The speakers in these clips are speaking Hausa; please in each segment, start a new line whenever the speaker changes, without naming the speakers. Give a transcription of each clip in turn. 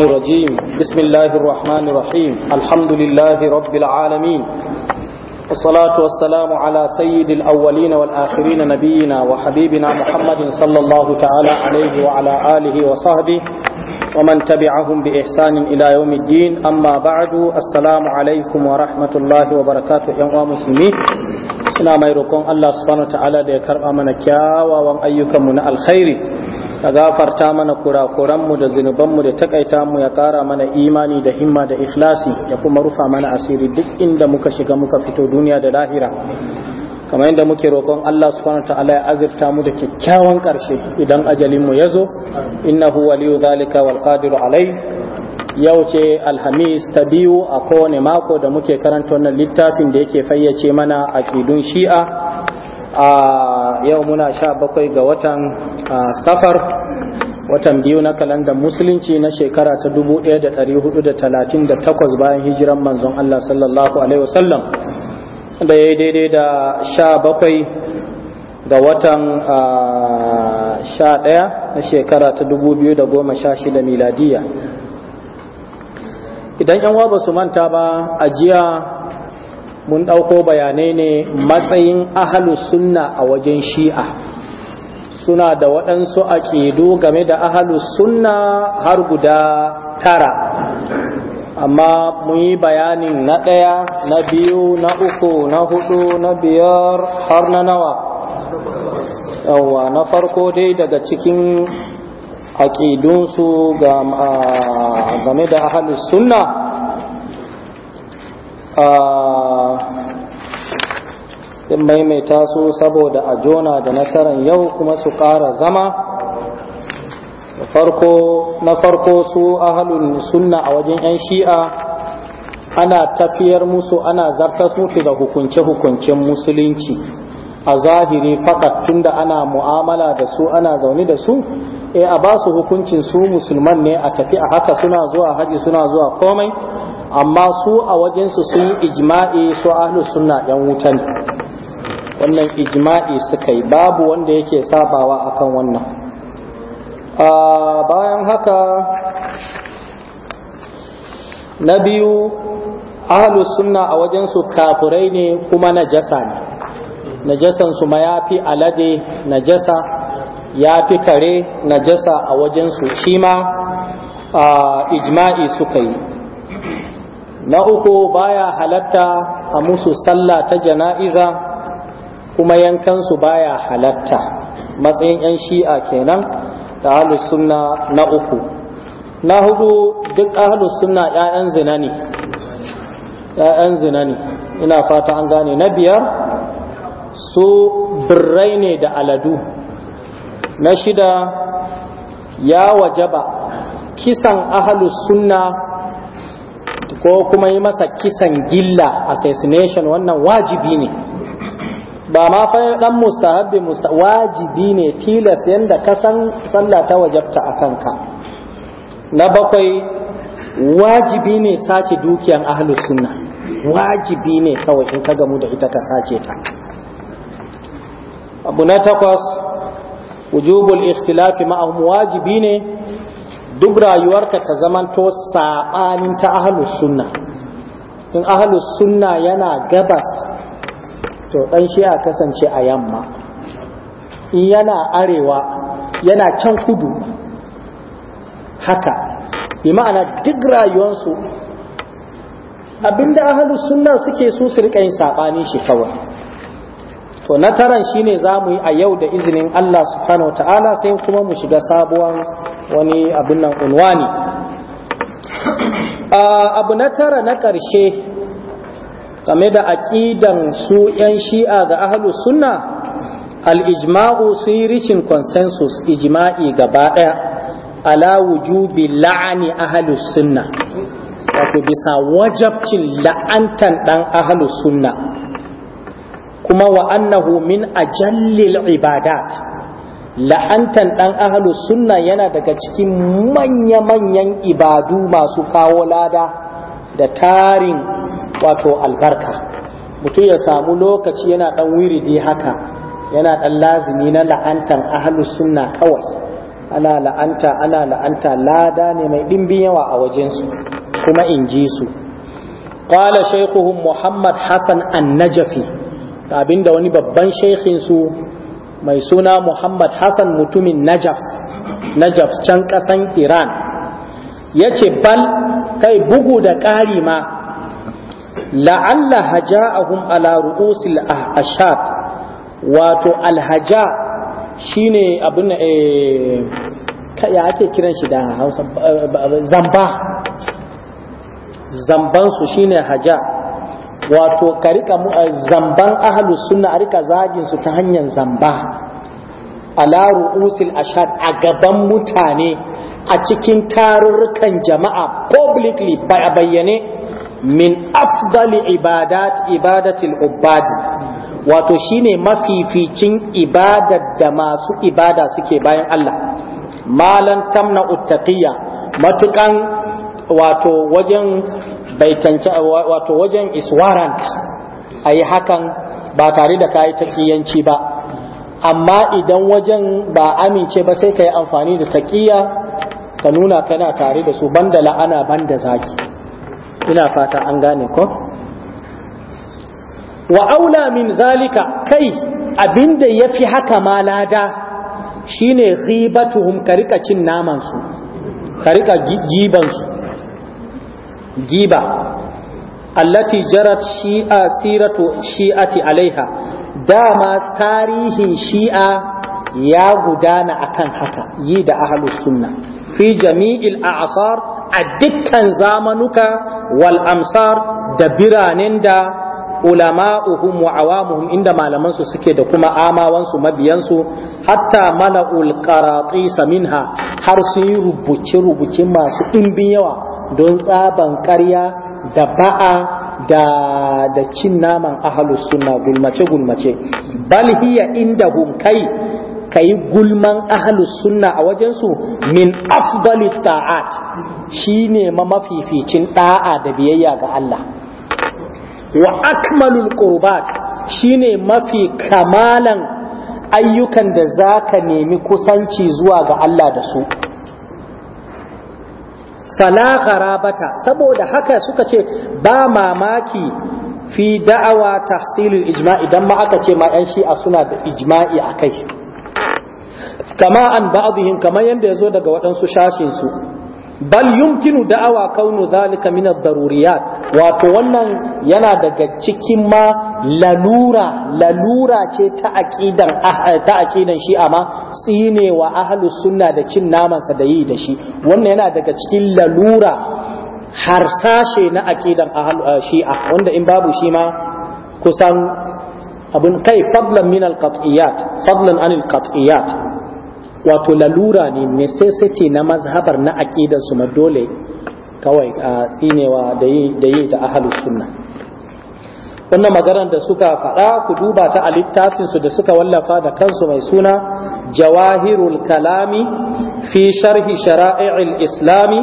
الرجيم بسم الله الرحمن الرحيم الحمد لله رب العالمين والصلاة والسلام على سيد الأولين والآخرين نبينا وحبيبنا محمد صلى الله تعالى عليه وعلى آله وصحبه ومن تبعهم بإحسان إلى يوم الدين أما بعد السلام عليكم ورحمة الله وبركاته يا مسلمين ina mai roƙon Allah subhanahu wa ta'ala da ya karɓa mana kyawawan ayyukanmu na alkhairi ka gafarta mana kurakuranmu da zunubanmu da takaita mu ya kara mana imani da himma da ikhlasi ya kuma rufa mana asiri duk inda muka shiga muka fito duniya da lahira kamar yadda muke roƙon Allah subhanahu ta'ala ya azurta mu da kyakkyawan ƙarshe idan ajalin mu yazo innahu waliyu zalika wal qadiru alai yau ce alhamis ta biyu a kowane mako da muke karanta wannan littafin da yake fayyace mana aqidun shi'a a yau muna sha bakwai ga watan safar watan biyu na kalandar musulunci na shekara ta 1438 bayan hijiran manzon Allah sallallahu alaihi wasallam da ya daidai da sha bakwai ga watan sha ɗaya na shekara ta 2016 miladiya idan yan wa su manta ba a jiya mun ɗauko bayanai ne matsayin ahalus sunna a wajen shi'a suna da waɗansu aƙidu game da ahalus sunna har guda tara amma mun yi bayanin na ɗaya na biyu na uku na hudu na biyar har na nawa yawa na farko dai daga cikin aƙidunsu game da ahalus sunna in maimaita su saboda a jona da nasaran yau kuma su ƙara zama na farko su ahalun sunna a wajen 'yan shi'a ana tafiyar musu ana zartas musu da hukunce-hukuncen musulunci a zahiri fakat tunda ana mu'amala da su ana zaune da su e a ba su hukuncin su musulman ne a tafi a haka suna zuwa haji suna zuwa komai amma su a wajensu sun yi ijma'i su ahlus sunna yan wuta ne wannan ijma'i suka yi babu wanda yake sabawa akan wannan bayan haka na biyu ahlus sunna a wajensu kafurai ne kuma na jasa ne najasan su ma ya fi alade najasa ya fi kare najasa a wajen su shi ma ijma'i suka yi na uku baya halatta a musu sallah ta jana'iza kuma yankansu baya halatta matsayin 'yan shi'a kenan da sunna na uku na hudu duk ahlus sunna 'ya'yan zina ne 'ya'yan ina fata an gane na biyar su birrai ne da aladu na shida ya wajaba kisan ahalus sunna ko kuma yi masa kisan gilla assassination wannan wajibi ne ba ma dan mustahabbi musta wajibi ne tilas yanda ka san sallah ta wajabta a kanka na bakwai wajibi ne sace dukiyan ahlus sunna wajibi ne kawai in ka gamu da ita ka sace ta abu na takwas wujubul ikhtilafi ma wajibi ne duk rayuwarka ta zamanto saɓanin ta ahalus sunna in ahalus sunna yana gabas to ɗan shi a kasance a yamma in yana arewa yana can kudu haka bi ma'ana duk rayuwarsu abinda ahalus sunna suke su rika yin saɓani shi kawai to na taran shine za mu yi a yau da izinin Allah subhanahu ta'ala sai kuma mu shiga sabuwan wani abin nan unwani abu na tara na ƙarshe game da aƙidan su 'yan shi'a ga ahlus sunna al-ijma'u sun yi rishin consensus ijma'i gaba ɗaya ala wujubi la'ani ahlus sunna wato bisa wajabcin la'antan ɗan ahlus sunna kuma wa annahu min ajallil ibadat la'antan dan ahlu sunna yana daga cikin manya-manyan ibadu masu kawo lada da tarin wato albarka mutum ya samu lokaci yana dan wiridi haka yana dan lazimi na la'antan ahlu sunna kawai ana la'anta ana la'anta lada ne mai dimbin yawa a wajensu kuma in ji su قال شيخهم محمد حسن النجفي da abinda wani babban su mai suna muhammad hassan mutumin najaf najaf can kasan iran ya ce bal kai bugu da ƙari ma la'alla haja'ahum ala ru'usil ashab wato alhaja shine abin eh, ya ake kiran shi da hausa eh, zamba zambansu shine haja wato ka rika eh, zamban ahlu suna a rika zagin su ta hanyar zamba ala ru'usil ashad a gaban mutane a cikin tarurrukan jama'a publicly a bayyane min afdali ibadat ibadatil wato shine mafificin ibadar da masu ibada suke bayan Allah malan tamna uttaqiya matukan wato wajen bai cancanta wato wajen is warrant a yi hakan ba tare da yi taƙiyanci ba amma idan wajen ba amince ba sai ka yi amfani da taƙiya ka nuna kana tare da su banda la'ana banda zaki ina fata an gane ko wa aula min zalika kai abinda ya fi haka ma lada shine ribatuhum ka rika cin naman ka rika gibansu. giba allati jarat shi'a siratu shi'ati alaiha dama tarihin shi'a ya gudana akan haka yi da ahlus sunna fi jami'il a'sar a dukkan zamanuka wal amsar da biranen da ulama'uhum wa awamuhum inda malaman suke da kuma amawan su mabiyan su hatta mala'ul qaratisa minha har sun yi rubuce rubuce masu dimbin yawa don tsaban ƙarya da ba'a da da cin naman ahlus sunna gulmace gulmace bal hiya indahum kai ka gulman ahalus sunna a wajensu min afdalit ta'at shi ne mafificin da'a da biyayya ga Allah wa akmalul qurbat shine mafi kamalan ayyukan da zaka nemi kusanci zuwa ga Allah da su fala gharabata saboda haka suka ce ba mamaki fi da'awa tahsilul ijma'i dan ma aka ce ma yan shi'a suna da ijma'i akai kama an ba'dihin kamar yanda yazo daga waɗansu shashin su bal yumkinu da'awa kaunu zalika min ad-daruriyat wato wannan yana daga cikin ma lalura lalura ce ta aqidan ta aqidan shi'a ma tsine wa ahlus sunna da cin naman sa da yi da shi wannan yana daga cikin lalura harsashe na aqidan eh, shi'a wanda in babu shi ma kusan abun kai fadlan min al-qat'iyat fadlan an al-qat'iyat wato lalura ne necessity na mazhabar na aƙidar su dole kawai a tsinewa da yi da ahalus sunna wannan maganar da suka faɗa ku duba ta a littafinsu da suka wallafa da kansu mai suna jawahirul kalami fi sharhi shara'i'il islami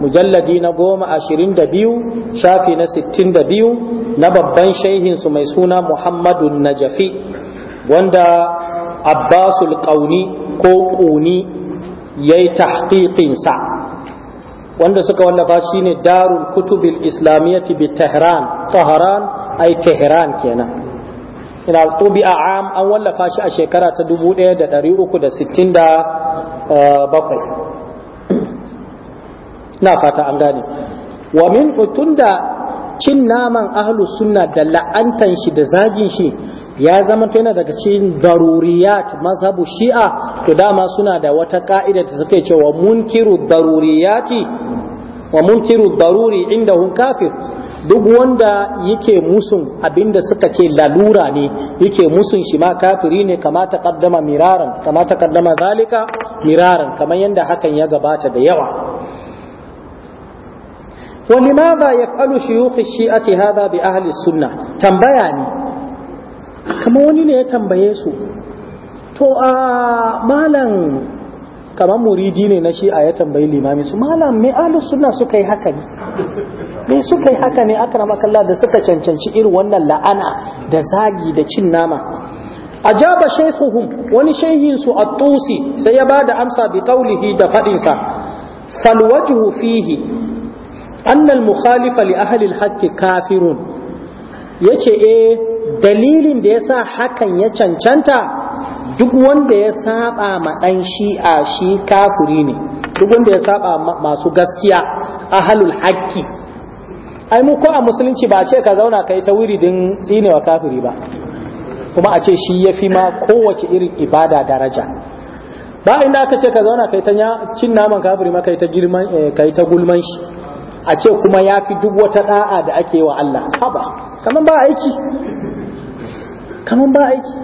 mujalladi na goma ashirin da biyu shafi na sittin da biyu na babban shaihinsu mai suna muhammadun najafi wanda abbasul ƙauni ko ƙuni ya yi tahqiqinsa wanda suka wallafa shi ne darul kutubil islamiyyati bi tehran taharan ai tehran kenan ina tubi a am an wallafa shi a shekara ta 1367 eh, na fata an gane wa min tunda cin naman ahlu sunna da la'antan shi da zagin shi ya zama yana daga cikin daruriyat mazhabu shi'a to dama suna da wata ka'ida da suke cewa munkiru daruriyati wa munkiru daruri inda hun kafir duk wanda yake musun abinda suka ce lalura ne yake musun shi ma kafiri ne kama ta kaddama miraran kama ta kaddama zalika miraran kamar yadda hakan ya gabata da yawa ولماذا يفعل شيوخ bi هذا suna tambaya ne. kamar wani ne ya tambaye su to a malam kamar muridi ne na shi'a ya tambayi limami su malam mai alus suna suka yi haka ne me suka yi haka ne aka rama kalla da suka cancanci irin wannan la'ana da zagi da cin nama ajaba shaykhuhum wani shaykhin su at-tusi sai ya ba da amsa bi kaulihi da fadinsa fal fihi annal mukhalifa li ahli al kafirun ya ce e dalilin da ya sa hakan ya cancanta duk wanda ya saba ma ɗan shi'a shi kafuri ne duk wanda ya saba masu gaskiya a halul haƙƙi ai mu ko a musulunci ba ce ka zauna ka yi ta wiridin tsinewa kafiri ba kuma a ce shi ya fi ma kowace irin ibada daraja ba inda aka ce ka zauna kai ta cin naman kafiri ma kai ta girman eh, kai ta gulman shi a ce kuma ya fi duk wata da'a da ake wa Allah haba kaman ba aiki kaman ba aiki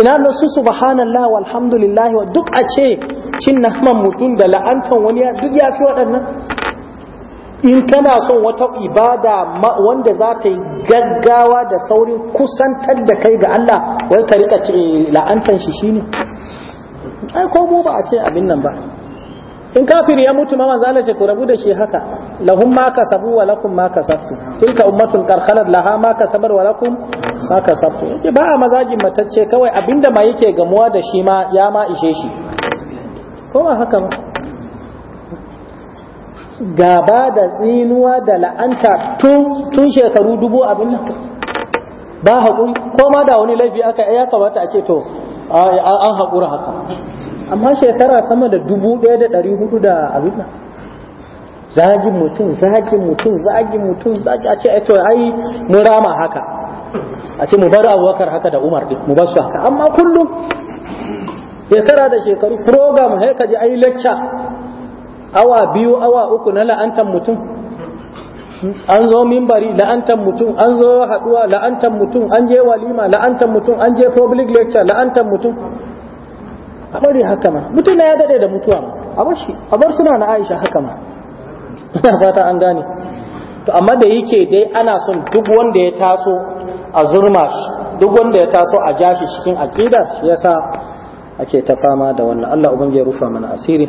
ina da su subhanallah walhamdulillah wa duk a ce cin naman mutum da la'antan wani duk ya fi waɗannan in kana son wata ibada wanda za ta yi gaggawa da saurin kusantar da kai ga Allah wai ka rika ce la'antan shi shine ai ko mu ba a ce abin nan ba in kafir ya mutu ma manzo Allah ce ku rabu da shi haka lahum ma kasabu wa lakum ma kasabtu tilka ummatun qarqalat laha ma kasabar wa lakum ma kasabtu yace ba a mazajin matacce kawai abinda ma yake gamuwa da shi ma ya ma ishe shi ko ba haka ba gaba da tsinuwa da la'anta tun tun shekaru dubu abin nan ba haƙuri ko ma da wani laifi aka ya kamata a ce to an haƙura haka amma shekara sama da dubu ɗaya da ɗari hudu da abin nan zagin mutum zagin mutum zagin mutum zagin a ce ai to ai mun rama haka a ce mu bar abubakar haka da umar ɗin mu bar su haka amma kullum shekara da shekaru program sai ka ji ai lecture awa biyu awa uku na la'antar mutum an zo mimbari la'antar mutum an zo haduwa la'antar mutum an je walima la'antar mutum an je public lecture la'antar mutum a bari haka ma mutum ya dade da mutuwa ma a bar shi a bar suna na Aisha haka ma ina fata an gane to amma da yake dai ana son duk wanda ya taso a zurma shi duk wanda ya taso a jashi cikin aqida shi yasa ake ta fama da wannan Allah ubangi ya rufa mana asiri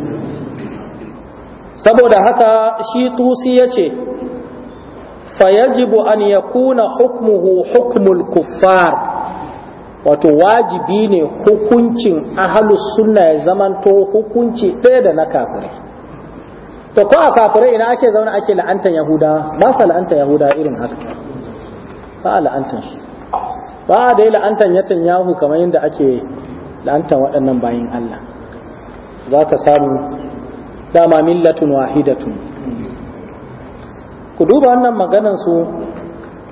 saboda haka shi tusi yace fayajibu an yakuna hukmuhu hukmul kuffar wato wajibi ne hukuncin ahalus sunna ya zamanto hukunci ɗaya da na kafirai to ko a kafirai ina ake zaune ake la'antar Yahuda? ba sa la'antar Yahuda irin haka ba a la'antar su ba a dai la'antar yatan yahu kamar yadda ake la'antar waɗannan bayan Allah za ka samu dama millatun wahidatun ku duba wannan maganan su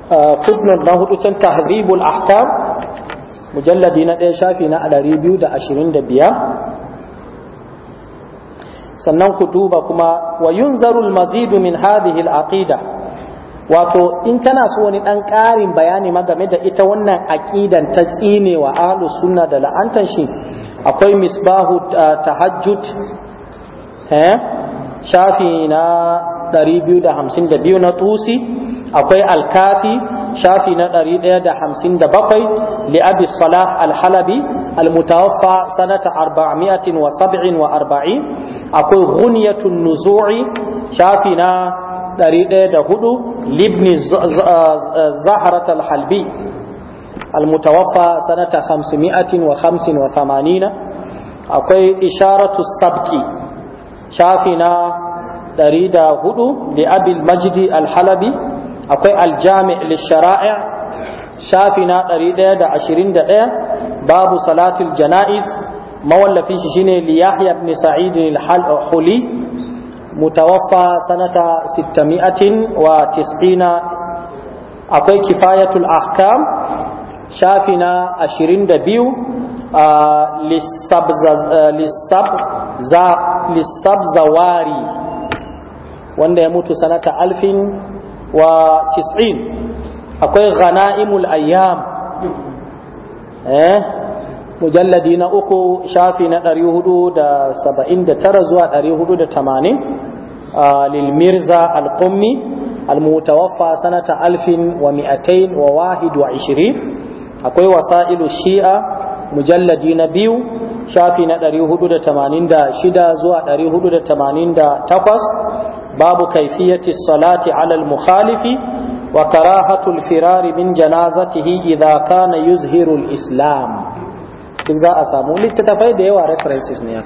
ah, footnote na hudu can tahribul ahkam mujalladi na ɗaya shafi na ɗari biyu da ashirin da biyar sannan ku duba kuma wa yunzarul mazidu min hadhihi al-aqida wato in kana so wani ɗan ƙarin bayani ma game da ita wannan aƙidan ta tsinewa alu sunna da la'antar shi akwai misbahu ah, tahajjud eh shafi na 252 na tusi akwai alkafi shafi na 157 li abi salah al-halabi المتوفى سنة 447 أقول غنية النزوع شافنا دريد هدو لابن زهرة الحلبي المتوفى سنة 585 أقول إشارة السبكي شافنا ɗari da hudu abil majidi alhalabi akwai aljami lishara'a shafi na ɗari ɗaya da ashirin da ɗaya babu salatul jana'iz mawallafin shi shine liyahya ibn sa'id al mutawaffa sanata 690 wa akwai kifayatul ahkam shafi na 22 lissabzawari wanda ya mutu sanata alfin wa tis'in akwai ghana'imul ayyam eh mujalladi na uku shafi na 479 zuwa 480 lil mirza al-qummi al-mutawaffa sanata alfin wa mi'atain wa wahid wa ishirin akwai wasa'ilu shi'a mujalladi na biyu shafi na 486 zuwa 488 babu kaifiyati salati ala mukhalifi wa karahatul firari min janazatihi idza kana yuzhiru islam duk za a samu littattafai da yawa references ne ya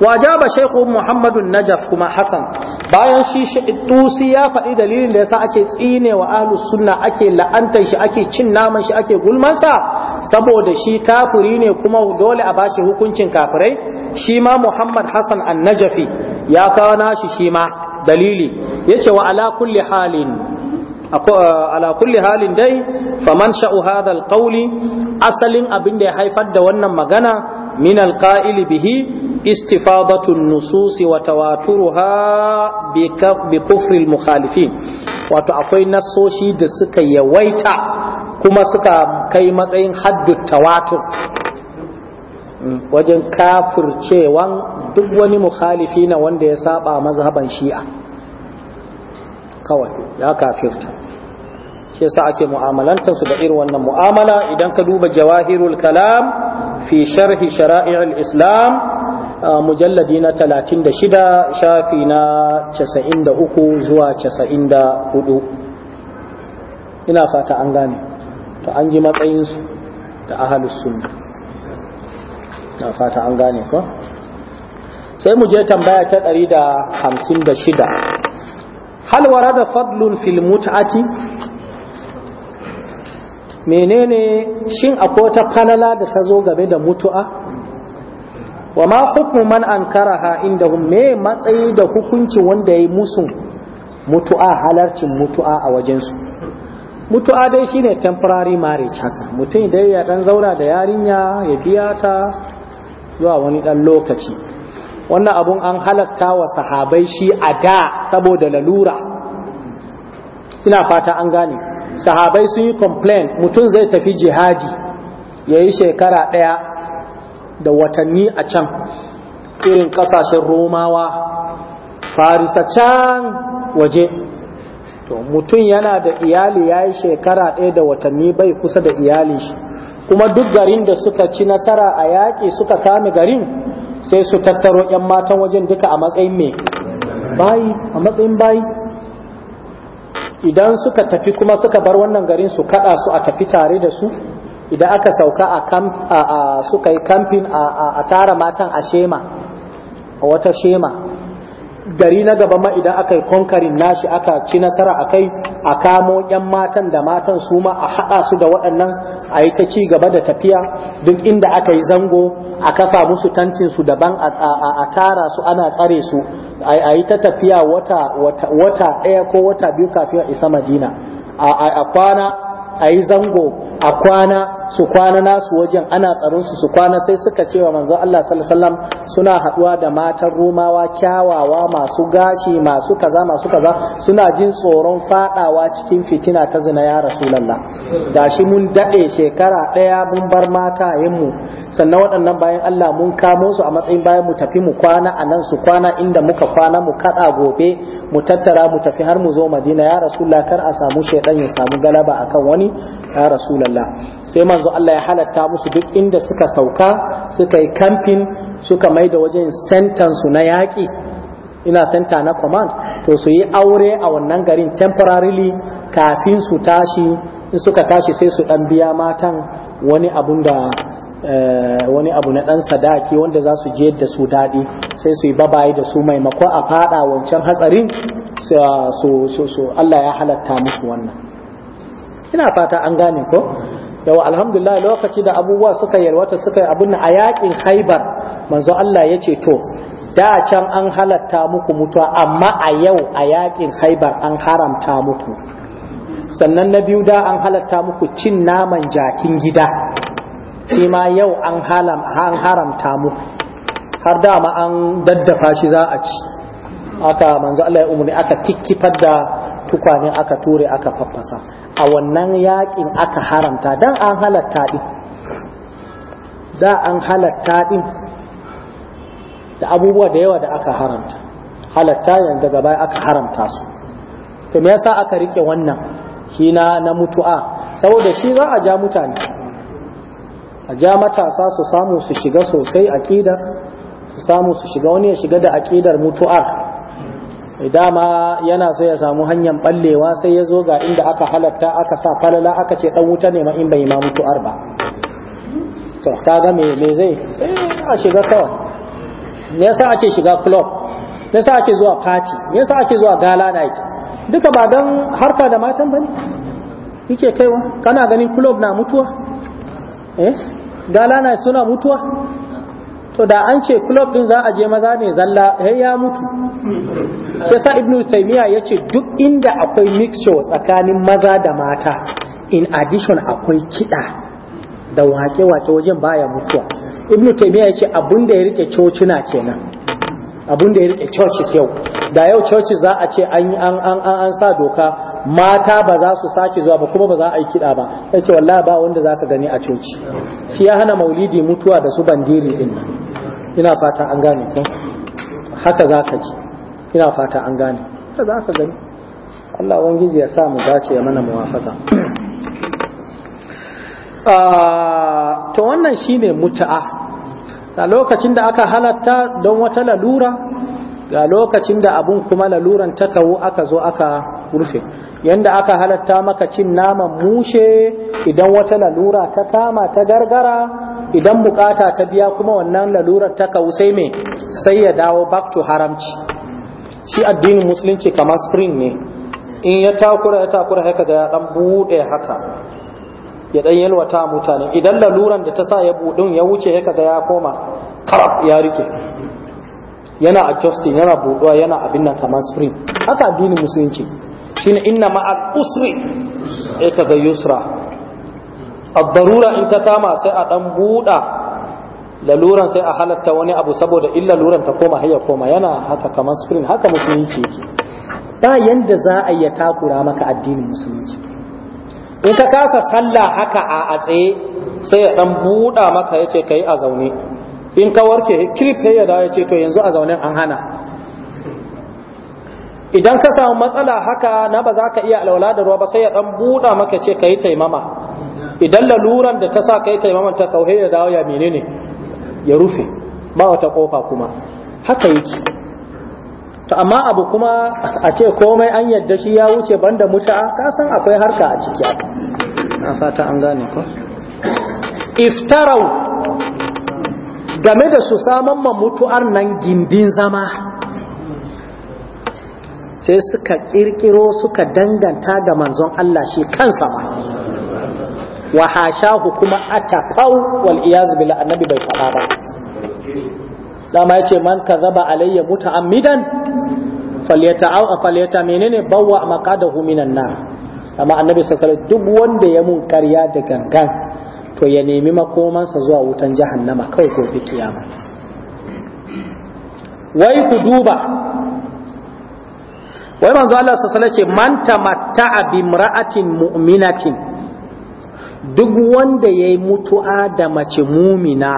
wajaba shaikhu muhammadun najaf kuma Hassan bayan shi tusi ya faɗi dalilin da yasa ake tsine wa ahlus sunna ake la'antar shi ake cin naman shi ake gulman sa? saboda shi kafiri ne kuma dole a bashi hukuncin kafirai shi ma muhammad Hassan an najafi ya kawo nashi shi ma dalili yace wa ala kulli halin ala kulli halin dai faman sha'u hadha alqawli asalin abin da ya haifar da wannan magana Minal ka'ili bihi istifadatu nususi wa tawaturuha bi kufri almukhalifin wato akwai nasoshi da suka yawaita kuma suka kai matsayin haddu tawatur hmm. wajen kafircewan duk wani mukhalifi na wanda ya saba mazhaban shi'a kawai ya kafirta shi yasa ake mu'amalantar su da irin wannan mu'amala idan ka duba jawahirul kalam fi sharhi shara'i al-islam mujalladi na 36 shafi na 93 zuwa 94 ina fata an gane to an ji matsayin su da ahalus sunna Ina fata an gane ko sai mu je tambaya ta 156 hal warada fadlun fil mut'ati menene shin akwai wata falala da ta zo game da mutu'a wa ma hukmu man inda hum me matsayi da hukunci wanda yayi musu mutu'a halarcin mutu'a a wajen su mutu'a dai shine temporary marriage haka mutum dai ya dan zaura da yarinya ya biya ta zuwa wani dan lokaci wannan abun an halatta wa sahabai shi a da saboda lalura ina fata an gane sahabai sun yi complain mutum zai tafi jihadi ya yi shekara ɗaya da watanni a can irin ƙasashen romawa farisa can waje to mutum yana da iyali ya yi shekara ɗaya da watanni bai kusa da iyali shi kuma duk garin da suka ci nasara a yaƙi suka kame garin sai su tattaro 'yan matan wajen duka a matsayin mai bayi a matsayin bayi idan suka tafi kuma suka bar wannan garin su kada su a tafi tare da su idan aka sauka a suka yi kamfin a tara matan a shema a wata shema gari na gaba ma idan aka yi konkarin nashi aka ci nasara a kai a kamo 'yan matan da matan su ma a haɗa su da waɗannan a yi ta ci gaba da tafiya duk inda aka yi zango a kafa musu tantin su daban a tara su ana tsare su a yi ta tafiya wata ɗaya ko wata biyu kafin isa madina a kwana a yi zango a kwana su kwana nasu wajen ana tsaron su su kwana sai suka ce wa manzo Allah sallallahu alaihi wasallam suna haduwa da matan Romawa kyawawa masu gashi masu kaza masu kaza suna jin tsoron fadawa cikin fitina ta zina ya rasulullah gashi mun dade shekara daya mun bar mata mu sannan waɗannan bayan Allah mun kamo su a matsayin bayan mu tafi mu kwana a nan su kwana inda muka kwana mu kada gobe mu tattara mu tafi har mu zo Madina ya rasulullah kar a samu shedan ya samu galaba akan wani ya rasulullah Allah sai manzo Allah ya halatta musu duk inda suka sauka suka yi kamfin suka mai da wajen sentan su na yaƙi ina senta na command to su yi aure a wannan garin temporarily kafin su tashi in suka tashi sai su dan biya matan wani abun da eh, wani abu na dan sadaki wanda za su je da su daɗi sai su yi babaye da su maimako a fada wancan hatsarin ah, su Allah ya halatta musu wannan ina fata an gane ko yau alhamdulillah lokaci da abubuwa suka yalwata suka yi abun a yakin khaibar manzo Allah ya ce to da can an halatta muku mutuwa amma a yau a yakin khaibar an haramta muku sannan na biyu da an halatta muku cin naman jakin gida shi ma yau an haramta muku har dama an daddafa shi za a ci aka manzo Allah ya umarni aka kikkifar da tukwane aka ture aka faffasa a wannan yakin aka haramta dan an halatta din da an halatta din da abubuwa da yawa da aka haramta halatta yanzu daga baya aka haramta su to me yasa aka rike wannan shi na mutu'a saboda shi za a ja mutane a ja matasa su samu su shiga sosai su samu su shiga wani ya shiga da aqidar mutu'ar dama yana so ya samu hanyar ballewa sai ya zo ga inda aka halatta aka sa falala aka ce dan wuta ne ma in bai ma mutu arba to kaga me me zai sai a shiga kawai me yasa ake shiga club me yasa ake zuwa party me yasa ake zuwa gala night duka ba dan harka da matan bane kike kaiwa kana ganin club na mutuwa eh gala night suna mutuwa to da an ce club din za a je maza ne zalla hey ya mutu shi sa ibnu ya ce duk inda akwai mixture tsakanin maza da mata in addition akwai kida da wake-wake wajen baya mutuwa ibnu taymiya yace abun da ya rike cocina kenan abun da ya rike churches yau da yau churches za a ce an an sa doka mata ba za su sake zuwa ba kuma ba za a yi kiɗa ba ya ce wallahi ba wanda za ka gani a coci shi ya hana maulidi mutuwa da su bandiri din ina fata an gane ko haka za ka ji ina fata an gane ta za ka gani Allah wangiji ya sa mu dace ya mana muwafaka ah, to wannan shi ne muta'a ga lokacin da aka halatta don wata lalura ga lokacin da abun kuma laluran ta kawo aka zo aka rufe yadda aka halatta maka cin naman mushe idan wata lalura ta kama ta gargara idan bukata ta biya kuma wannan lalurar ta kawo sai mai sai ya dawo back to haramci shi addinin musulunci kamar spring ne in ya takura ya takura haka da ya dan bude haka ya dan yalwata mutane idan laluran da ta sa ya budin ya wuce haka da ya koma karab ya rike yana adjusting yana buduwa yana abin nan kamar spring haka addinin musulunci shine inna al usri ya kaga yusra ad-darura in ta kama sai a dan buda laluran sai a halatta wani abu saboda illa laluran ta koma hayya koma yana haka kamar spring haka musulunci yake ba yanda za a iya takura maka addinin musulunci in ka kasa sallah haka a atse sai ya dan buɗa maka yace kai a zaune in ka warke kirfe ya dawo yace to yanzu a zaune an hana idan ka samu matsala haka na ba za ka iya alwala da ruwa ba sai ya dan buɗa maka ce ka yi taimama idan laluran da ta sa ka yi taimaman ta kauhe ya dawo ya menene ya rufe ba wata kofa kuma haka yake to amma abu kuma a ce komai an yadda shi ya wuce banda muta ka san akwai harka a ciki na fata an gane ko iftarau game da su saman ma mutu'ar nan gindin zama sai suka kirkiro suka danganta da manzon Allah shi kansa ma wa hashahu kuma atafau wal iyaz bil annabi bai faɗa ba dama yace man kazaba alayya muta'ammidan falyata'aw falyata menene bawwa maqadahu minan nar amma annabi sallallahu duk wanda ya mun ƙarya da gangan to ya nemi makomansa zuwa wutan jahannama ko gobe kiyama wai ku duba wai manzo Allah sallallahu alaihi wasallam ce man tamatta'a bi bimra'atin mu'minatin duk wanda ya yi mutu'a da mace mumina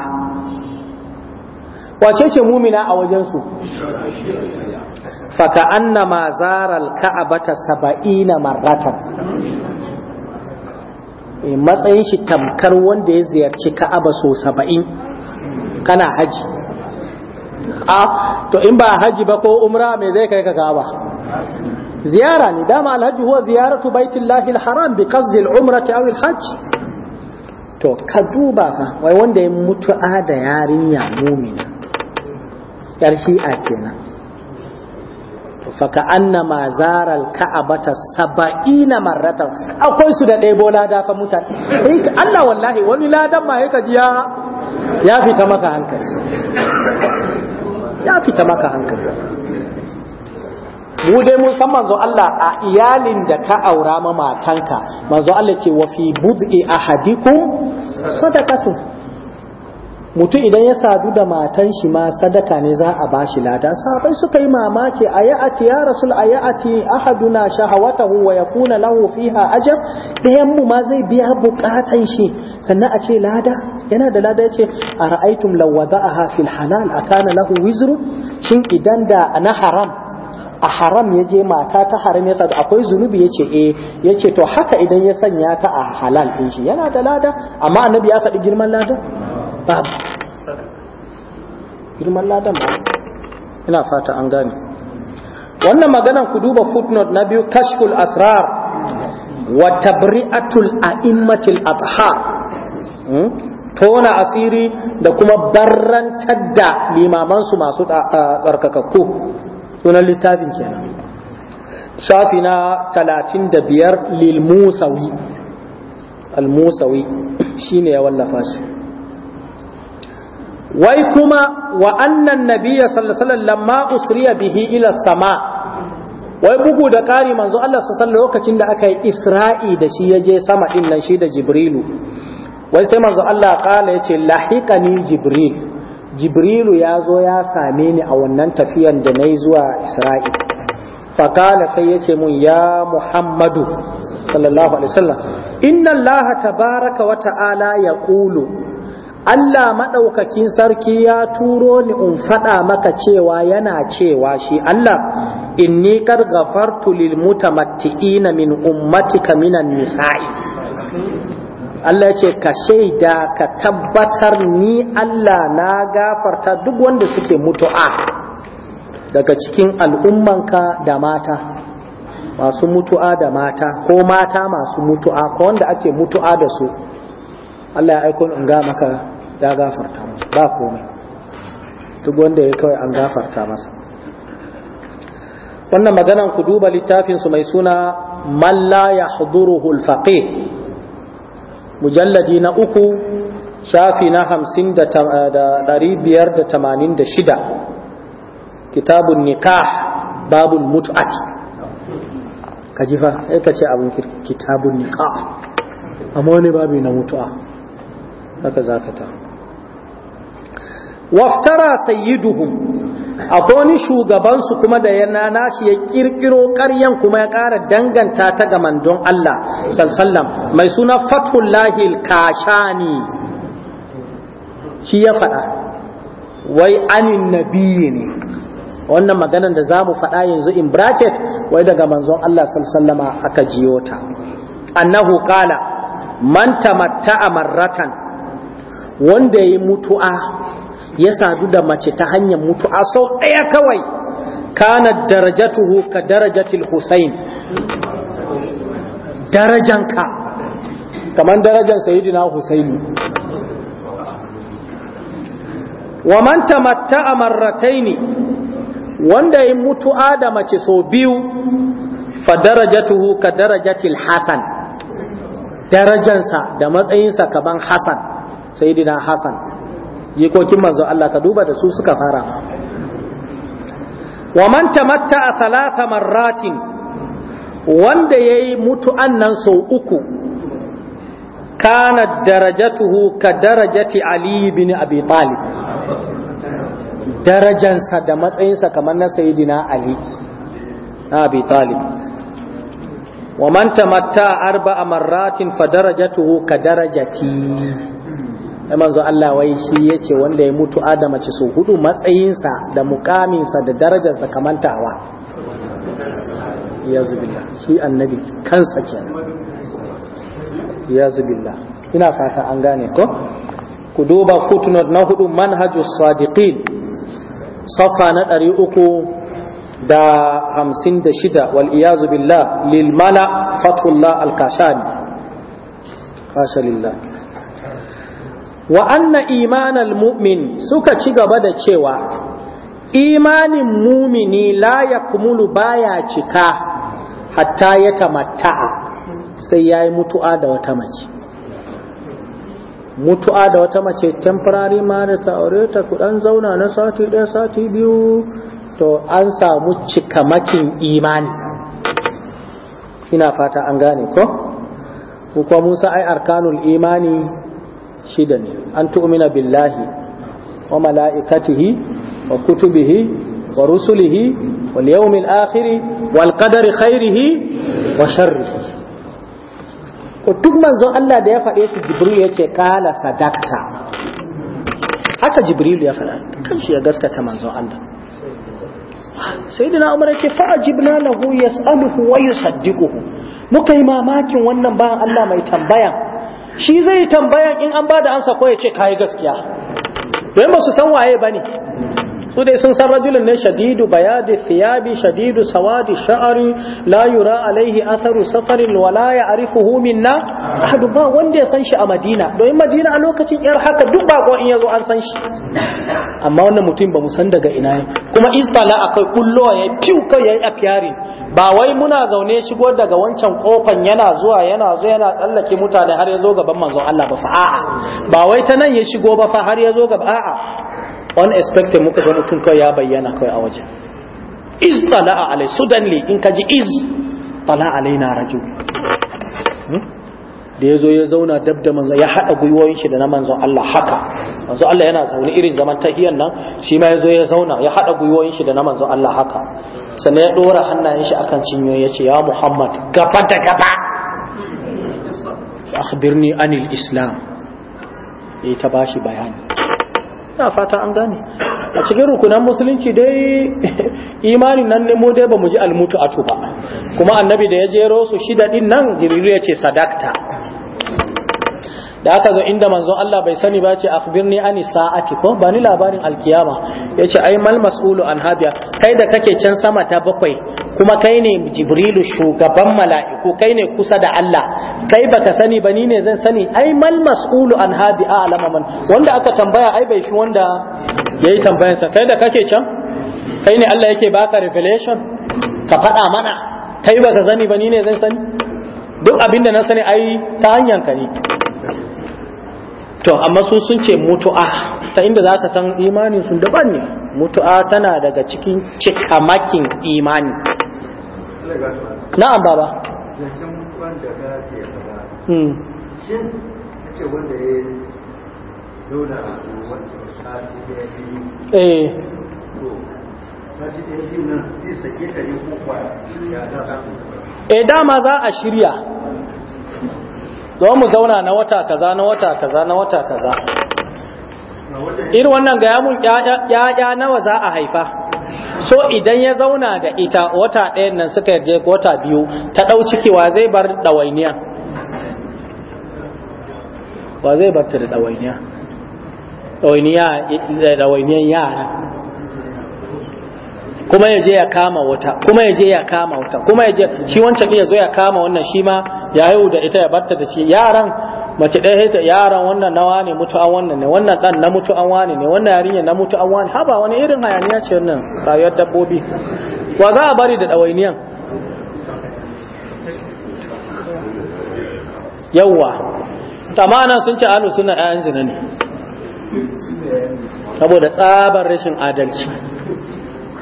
wace ce mumina a wajensu faka annama zaral ka'abata saba'ina marratan eh, matsayin shi tamkar wanda ya ziyarci ka'aba so saba'in kana haji a to in ba haji ba ko umra me zai kai ka ka'aba ziyara ne dama alhaji huwa ziyaratu baitillahi alharam bi qasdi al-umrati aw hajj to ka duba fa wai wanda ya mutu'a da yarinya mumina yar shi'a kenan to fa ka annama zaral ka'abata saba'ina marrata akwai su da ɗebo lada fa mutan eh Allah wallahi wani ladan ma yake ji ya ya fita maka hankali ya fita maka hankali mu dai mun san manzo Allah a iyalin da ka aura ma matanka manzo Allah ce wa fi bud'i ahadikum sadaqatu mutum idan ya sadu da matan shi ma sadaka ne za a bashi lada sabai suka yi mamaki ati ya rasul ati ahaduna shahawatahu wa yakuna lahu fiha ajab dayan mu ma zai biya bukatan shi sannan a ce lada yana da lada yace ara'aytum law wada'aha fil halal akana lahu wizru shin idan da na haram a haram ya je mata ta haram ya sadu akwai zunubi ya ce eh ya ce to haka idan ya sanya ta a halal ɗin shi yana da lada amma annabi ya faɗi girman lada. ba girman lada ba ina fata an gane wannan maganan ku duba footnote na biyu kashful asrar wa tabri'atul a'immatil athhar hmm? tona asiri da kuma barrantar da limamansu masu tsarkakakku sunan littafin kenan shafi na talatin da biyar lilmusawi almusawi shi ne ya wallafa shi wai kuma wa annan nabiya sallasallan lamma usriya bihi ila sama wai bugu da ƙari manzo Allah su san lokacin da aka yi isra'i da shi ya je sama ɗin nan shi da jibrilu wai sai manzo Allah ƙala ya ce ni jibril jibrilu ya zo ya same ni a wannan tafiyan da na yi zuwa isra'il fakala sai ya ce mun ya muhammadu sallallahu alaihi wasallam inna allaha tabaraka wa ta'ala ya ƙulu Allah maɗaukakin sarki ya turo ni in faɗa maka cewa yana cewa shi Allah inni kar gafartu lil mutamatti'ina min ummatika minan nisa'i Allah ce ka shaida ka tabbatar ni Allah na gafarta duk wanda suke mutu'a daga cikin al'ummanka da mata masu mutu'a da mata ko mata masu mutu'a ko wanda ake mutu'a da su Allah ya aiko in ga maka ya gafarta ba komai duk wanda ya kawai an gafarta masa wannan maganan ku duba littafinsu mai suna man la yahduruhu al-faqih mujalladi na uku shafi na hamsin eh, da ɗari biyar da tamanin da shida kitabun nikah babun mut'ati ka ji fa ya ka ce abin kitabun nikah amma wani babu na mutu'a haka zakata waftara sayyiduhum akwai wani shugabansu kuma da yana nashi ya kirkiro karyan kuma ya ƙara danganta ta ga mandon Allah sallallahu mai suna fatullahi kashani shi ya faɗa wai anin nabiyyi ne wannan maganar da za mu faɗa yanzu in bracket wai daga manzon Allah sallallahu aka jiyo ta annahu qala man tamatta marratan wanda ya mutu'a ya sadu da mace ta hanyar mutu'a sau ɗaya kawai kana darajatuhu ka darajatil Hussein darajanka kamar darajan Sayyidina Husaini wa man tamatta'a marrataini wanda ya mutu da mace sau biyu fa darajatuhu ka darajatil Hassan, darajansa da matsayinsa kaman Hasan Sayyidina Hassan. jikokin manzo Allah ka duba da su suka fara wa man a thalatha marratin wanda yayi mutu annan sau uku kana darajatuhu ka darajati ali bin abi talib darajansa da matsayinsa kamar na sayyidina ali na abi talib wa man arba arba'a marratin fa darajatuhu ka darajati ai manzo Allah wai shi yace wanda ya mutu adama ce so hudu matsayinsa da mukaminsa da darajarsa kamantawa ya zubillah shi annabi kansa ke ya zubillah ina fata an gane ko ku duba footnote na hudu manhajus sadiqin safa na ɗari uku da hamsin da shida waliyazu iyazu billah lil mala fatullah al kashani kashalillah wa anna imanal mu'min suka ci gaba da cewa imanin mumini la yakmulu baya cika hatta ya tamatta'a sai yayi mutu'a da wata mace mutu'a da wata mace temporary marriage ta aure ta kudan zauna na sati ɗaya sati biyu to an samu cikamakin imani ina fata an gane ko ko Musa ai arkanul imani shida ne an tu'mina billahi wa mala'ikatihi wa kutubihi wa rusulihi wal yawmil akhir wal qadari khairihi wa sharrihi ko duk manzon Allah da ya faɗe shi Jibril ce kala sadakta haka Jibril ya faɗa kanshi ya gaskata manzon Allah sayyidina Umar ya fa ajibna lahu yas'aluhu wa yusaddiquhu muka yi mamakin wannan bayan Allah mai tambaya shi zai tambayan in an ba da ansa ko ya ce kayi gaskiya don ba su san waye ba ne su dai sun san rajulun ne shadidu bayadi thiyabi shadidu sawadi sha'ari la yura alaihi atharu safarin wa la ya'rifuhu minna hadu ba wanda ya san shi a Madina don Madina a lokacin yar haka duk bako in yazo an san shi amma wannan mutum ba mu san daga ina ne kuma istala akai kullo ya fiu kai yayi afiyari ba wai muna zaune shigo daga wancan kofan yana zuwa yana zo yana tsallake mutane har ya zo gaban manzon Allah ba fa a'a ba wai ta nan ya shigo ba fa har ya gaba a'a expected muka ga mutum kawai ya bayyana kawai a wajen iz tala'a alai suddenly in ka ji iz tala'a alai na raju hmm? da ya zo ya zauna dab da manzo ya haɗa gwiwoyin shi da na manzon Allah haka manzo Allah yana zaune irin zaman ta iyan nan shi ma ya zo ya zauna ya haɗa gwiwoyin shi da na manzon Allah haka sannan ya ɗora hannayen shi akan cinyoyi ya ce ya Muhammad gaba da gaba akhbirni anil islam ya ta bashi bayani na fata an gane a cikin rukunan musulunci dai imanin nan ne mu dai ba mu ji almutu a ba kuma annabi da ya jero su shida din nan ya ce sadakta da aka zo inda manzon Allah bai sani ba ce akhbirni ani sa'ati ko ba ni labarin alkiyama yace ai mal mas'ulu an habiya kai da kake can sama ta bakwai kuma kai ne jibrilu shugaban mala'iku kai ne kusa da Allah kai baka sani ba ni ne zan sani ai mal mas'ulu an habiya alama man wanda aka tambaya ai bai shi wanda yayi tambayansa kai da kake can kai ne Allah yake baka revelation ka faɗa mana kai baka sani ba ni ne zan sani duk abinda na sani ai ta hanyar ka ne to amma su sun ce mutu'a ta inda za ka san imani sun daban ne mutu'a tana daga cikin cikamakin imani na'am baba hmm.
shin ce wanda ya zauna a sati eh. ya
E dama za a shirya don mu zauna na wata kaza na wata kaza na wata kaza irin wannan ga yamun ƴaƴa nawa za a haifa so idan ya zauna da ita wata ɗayan nan suka yarda wata biyu ta ɗau ciki wa zai bar ɗawainiya wa zai bar ta da ɗawainiya ɗawainiyan yara kuma ya je ya kama wata kuma ya je ya kama wata kuma ya je shi wancan ya zo ya kama wannan shi ma ya yau da ita ya batta da shi yaran mace ɗaya ta yaran wannan nawa ne mutu an wannan ne wannan ɗan na mutu an wani ne wannan yarinya na mutu an wani haba wani irin hayaniya ce wannan rayuwar dabbobi wa za a bari da ɗawainiyan yawwa tamana sun ce alu suna ƴaƴan zina ne saboda tsabar rashin adalci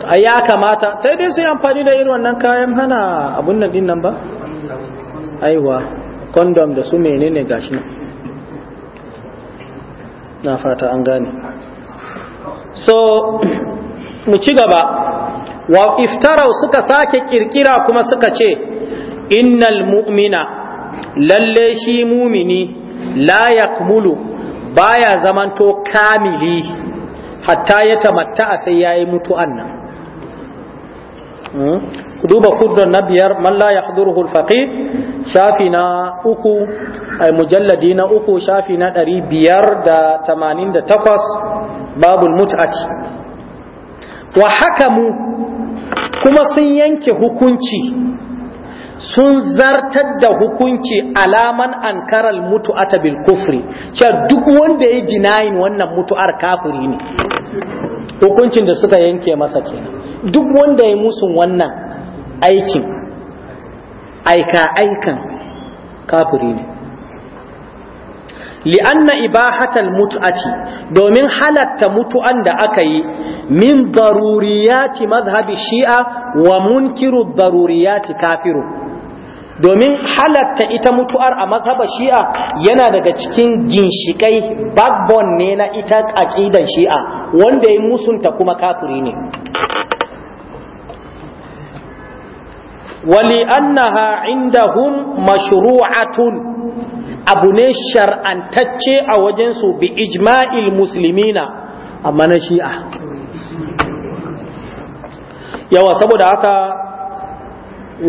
ai ya kamata sai dai su yi amfani da irin wannan kayan hana abun nan din nan ba aiwa kondom da su menene gashi na fata an gane so mu ci gaba wa iftarau suka sake kirkira kuma suka ce innal mu'mina lalle shi mumini la yakmulu baya zamanto kamili hatta ya tamatta sai yayi mutu nan hmm? duba fuddan na biyar man la yahduruhu shafi na uku ay eh, mujalladi na uku shafi na takwas, babul mut'ati wa haka mu kuma sun yanke hukunci sun zartar da hukunci alaman ankarar mutu'ata bil kufri cewa duk wanda ya dinayin wannan mutu'ar kafiri ne hukuncin da suka yanke masa kenan duk wanda ya musun wannan aikin aika aikan kafiri ne li'anna ibahatal mut'ati domin halatta mutu'an da aka yi min daruriyati mazhabi shi'a wa munkiru daruriyati kafiru domin halatta ita mutu'ar a mazhaba shi'a yana daga cikin ginshikai backbone ne na ita aqidan shi'a wanda ya musunta kuma kafiri ne wali annaha indahum mashru'atun abu ne shar'antacce a wajensu bi ijma'il musulmina amma na shi'a yawa saboda haka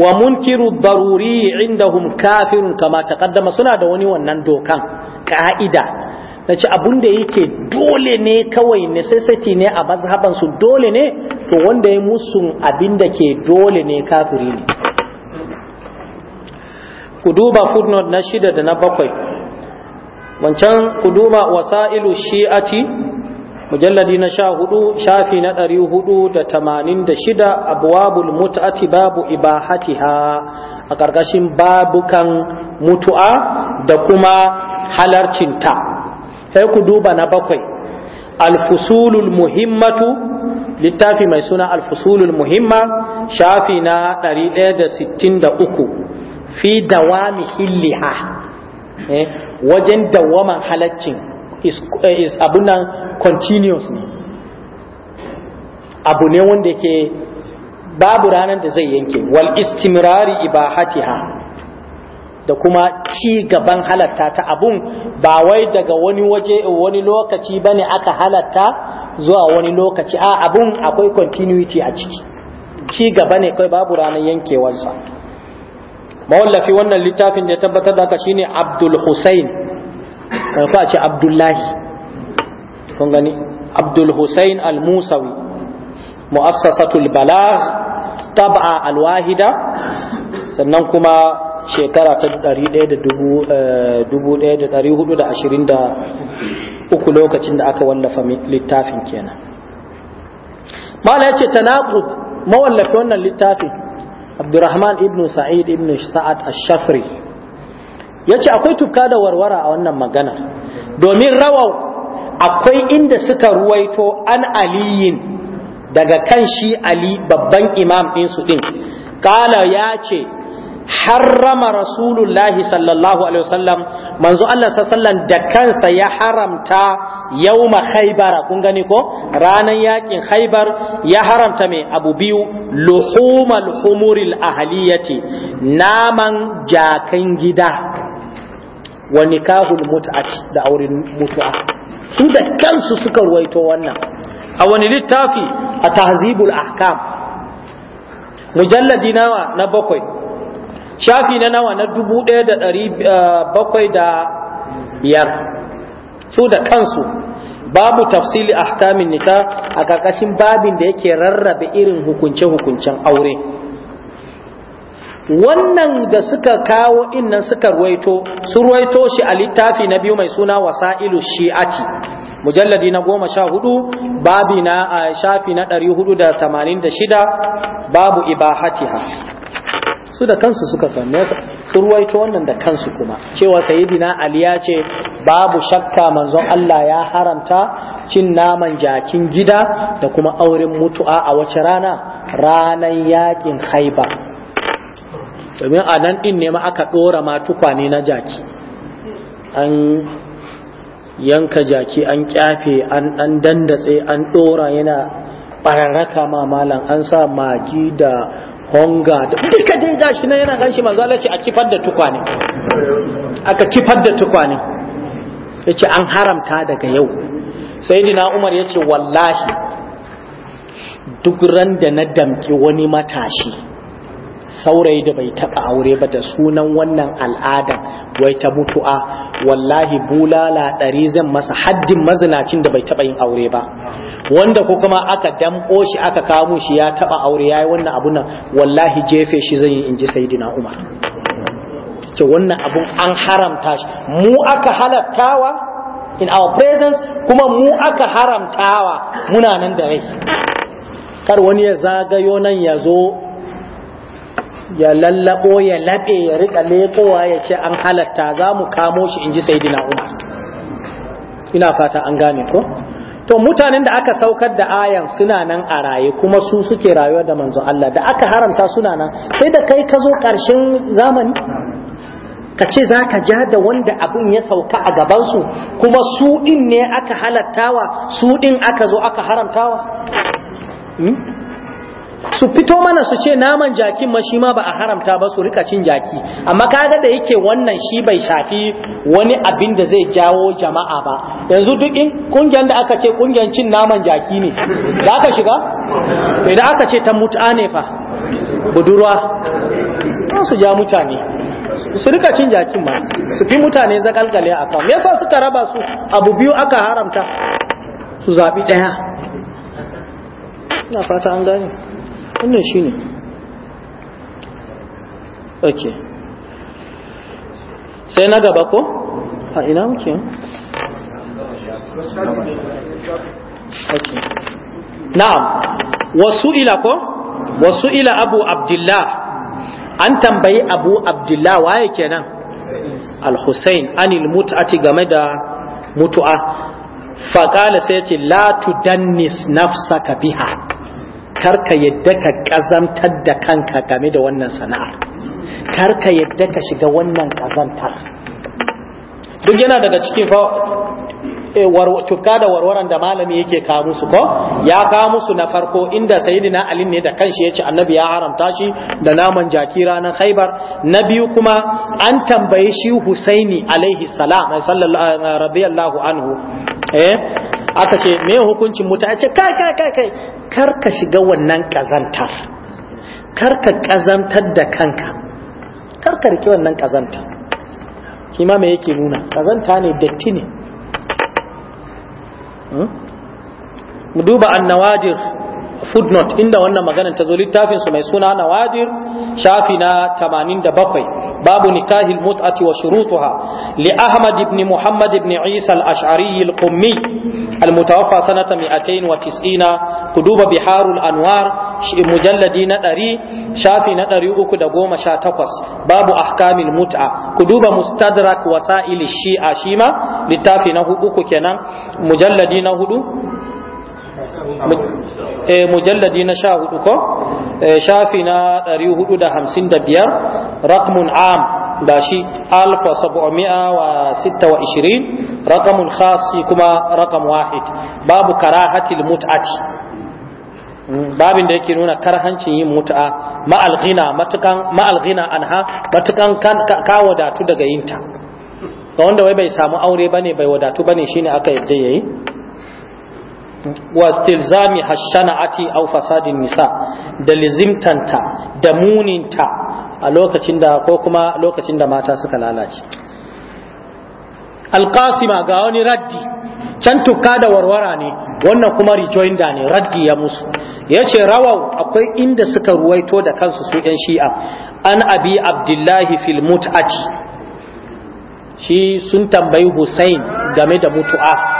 wa munkiru daruri indahum kafirun kama taqaddama suna da wani wannan dokan ka'ida na ci abun da yake dole ne kawai necessity ne a mazhabansu dole ne to wanda ya musu abin da ke dole ne kafiri ne ku duba footnote na shida da na bakwai wancan ku wasa'ilu shi'ati mujalladi na sha hudu shafi na ɗari hudu da tamanin da shida abuwabul mutu'ati babu ibahatiha a ƙarƙashin babukan mutu'a da kuma halarcinta sai ku duba na bakwai alfusulul muhimmatu littafi mai suna alfusulul muhimma shafi na 163 fi dawami hilliha eh, wajen dawaman halaccin is eh, abunan continuous ne abu ne wanda ke babu ranar da zai yanke wal istimrari ibahatiha da kuma ci gaban halatta ta abun ba wai daga wani waje wani lokaci bane aka halatta zuwa wani lokaci a abun akwai continuity a ciki ci gaba ne kai babu ranar yankewarsa mawallafi wannan littafin da ya tabbatar da haka shine Abdul Hussein ko a ce Abdullahi kun gani Abdul Hussein Al-Musawi mu'assasatul Bala tab'a al-wahida sannan kuma shekara ta 1423 eh, lokacin da aka wallafa littafin kenan bala ya ce naƙud mawallafi wannan littafin abdurrahman ibn sa'id ibn sa'ad ash ya ce akwai tuka da warwara a wannan magana domin rawar akwai inda suka ruwaito an aliyin daga kan shi ali babban imam ɗinsu ɗin ƙala ya ce harrama rasulullahi sallallahu alaihi wasallam manzo Allah sallallahu da kansa ya haramta yauma khaybar kun gani ko ranan yakin khaybar ya haramta me abu biyu luhumal humuril ahliyati naman jakan gida wa nikahul mut'ati da auren mutu'a su da kansu suka ruwaito wannan a wani littafi a tahzibul ahkam mujalladi nawa na bakwai shafi na nawa na dubu ɗaya da ɗari eh, bakwai da biyar su da kansu babu tafsili ahkamin nika a ƙarƙashin babin da yake rarrabe irin hukunce-hukuncen aure wannan da suka kawo innan suka ruwaito su ruwaito shi a littafi na biyu mai suna wasa'ilu shi'ati mujalladi na goma sha hudu babi na eh, shafi na ɗari hudu da tamanin da shida babu ibahatiha su da kansu suka sanne su ruwaito wannan da kansu kuma cewa sayyidina ali ya ce babu shakka manzon Allah ya haramta cin naman jakin gida da kuma auren mutu'a a wace rana ranan yakin haiba domin a nan din ne ma aka dora ma tukwane na jaki an yanka jaki an kyafe an dan dandatse an dora yana bararraka ma malam an sa magi da honga duka dai gashi nan yana ganshi manzo Allah ce a kifar da tukwane aka kifar da tukwane yace an haramta daga yau sayyidina Umar yace wallahi duk ran da na damki wani matashi saurayi da bai taɓa aure ba da sunan wannan al'ada wai ta mutu'a wallahi bulala ɗari zan masa haddin mazinacin da bai taɓa yin aure ba wanda ko kuma aka damƙo shi aka kamo shi ya taɓa aure ya yi wannan abun nan wallahi jefe shi zan yi in ji saidina umar Ke wannan abun an haramta shi mu aka halattawa in our presence kuma mu aka haramtawa muna nan da rai kar wani ya zagayo nan ya zo ya lallabo ya laɓe ya rika lekowa ya ce an halatta za mu kamo shi in ji saidina umar ina fata an gane ko to mutanen da aka saukar da ayan suna nan a raye kuma su suke rayuwa da manzo Allah da aka haramta suna nan sai da kai ka zo ƙarshen zamani ka ce za ka ja da wanda abin ya sauka a gabansu kuma su din ne aka halattawa su ɗin aka zo aka haramtawa hmm? su fito mana su ce naman jakin ma shi ma ba a haramta ba su rika cin jaki amma kaga da yake wannan shi bai shafi wani abin da zai jawo jama'a ba yanzu duk in kungiyar da aka ce kungiyar cin naman jaki ne da aka shiga idan aka ce ta mut'a ne fa budurwa ba su ja mutane su rika cin jakin ma su fi mutane zakalgale a kan me yasa suka raba su abu biyu aka haramta su zabi daya ina fata an gane wannan shi ne ok sai na gaba ko a ina muke ok na'am wasu ila ko wasu ila abu abdullah an tambayi abu abdullah waye kenan al-hussein anil mut'ati game da mutu'a faƙala sai ce la tudannis nafsaka biha karka yadda ka kazantar da kanka game da wannan sana'ar karka yadda ka shiga wannan kazantar duk yana daga cikin fa tuka eh, da warwaran da malami yake kawo musu ko ya kawo musu na farko inda sayyidina ali ne da kanshi ya ce annabi ya haramta shi da naman jaki ranar haibar. na biyu kuma an tambayi shi husaini alaihi salam eh, sallallahu eh, radiyallahu anhu eh aka ce me hukuncin muta ce kai kai kai kai kar ka shiga wannan kazantar karka kazantar da kanka kar rike wannan kazanta shi ma me yake nuna ƙazanta ne datti ne hmm? mu duba annawajir footnote inda wannan maganar ta zo littafin su mai suna nawadir shafi na 87 babu nikahil mut'ati wa shurutuha li ahmad ibn muhammad ibn isa al-ash'ari al-qummi al-mutawaffa sanata 290 kuduba biharul anwar mujalladi na 100 shafi na 318 babu ahkamil mut'a ku duba mustadrak wasa'il shi'a shima littafi na hudu kenan mujalladi na hudu Eh, mujalladi na sha hudu ko eh, shafi na ɗari hudu da hamsin da biyar rakmun am da shi alfa sabu'ami'a wa sitta wa ishirin rakamun khasi kuma rakam wahid babu karahatil mut'ati hmm, babin da yake nuna karhancin yin mutu'a ma'alghina matukan ma'alghina anha matukan ka wadatu daga yinta ga wanda wai bai samu aure bane bai wadatu bane shine aka yadda yayi wastilzami hashana'ati au fasadin nisa da lizimtanta da muninta a lokacin da ko kuma lokacin da mata suka lalace alqasima ga wani raddi can tukka da warwara ne wannan kuma rejoinder ne raddi ya musu yace rawau akwai inda suka ruwaito da kansu su yan shi'a an abi abdullahi fil mut'ati shi sun tambayi Hussain game da mutu'a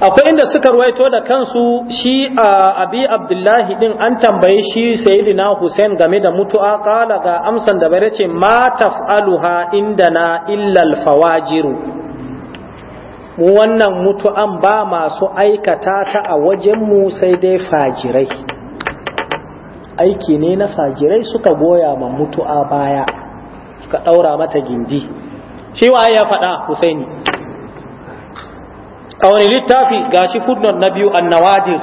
akwai inda suka ruwaito da kansu shi a abi abdullahi din an tambaye shi sayyidina hussein game da mutu'a kala ga amsan da bare ce ma taf'aluha na illal fawajiru mu wannan mutu'an ba masu aikata ta a wajenmu sai dai fajirai aiki ne na fajirai suka goya ma mutu'a baya suka daura mata gindi shi waye ya faɗa husaini a wani littafi ga shi footnote na biyu annawadir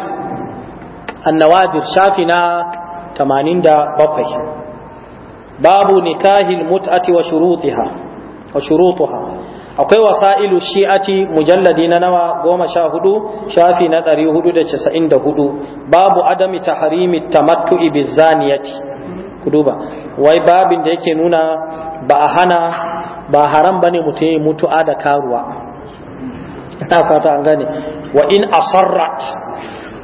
annawadir shafi na 87 babu nikahil mut'ati wa shurutiha wa shurutuha akwai wasa'ilu shi'ati mujalladi na nawa goma sha hudu shafi na ɗari hudu da casa'in da hudu babu adami taharimi tamattu'i bizaniyati ku duba wai babin da yake nuna ba a hana ba haram bane mutum ya mutu'a da karuwa ta fata an gane wa in asarrat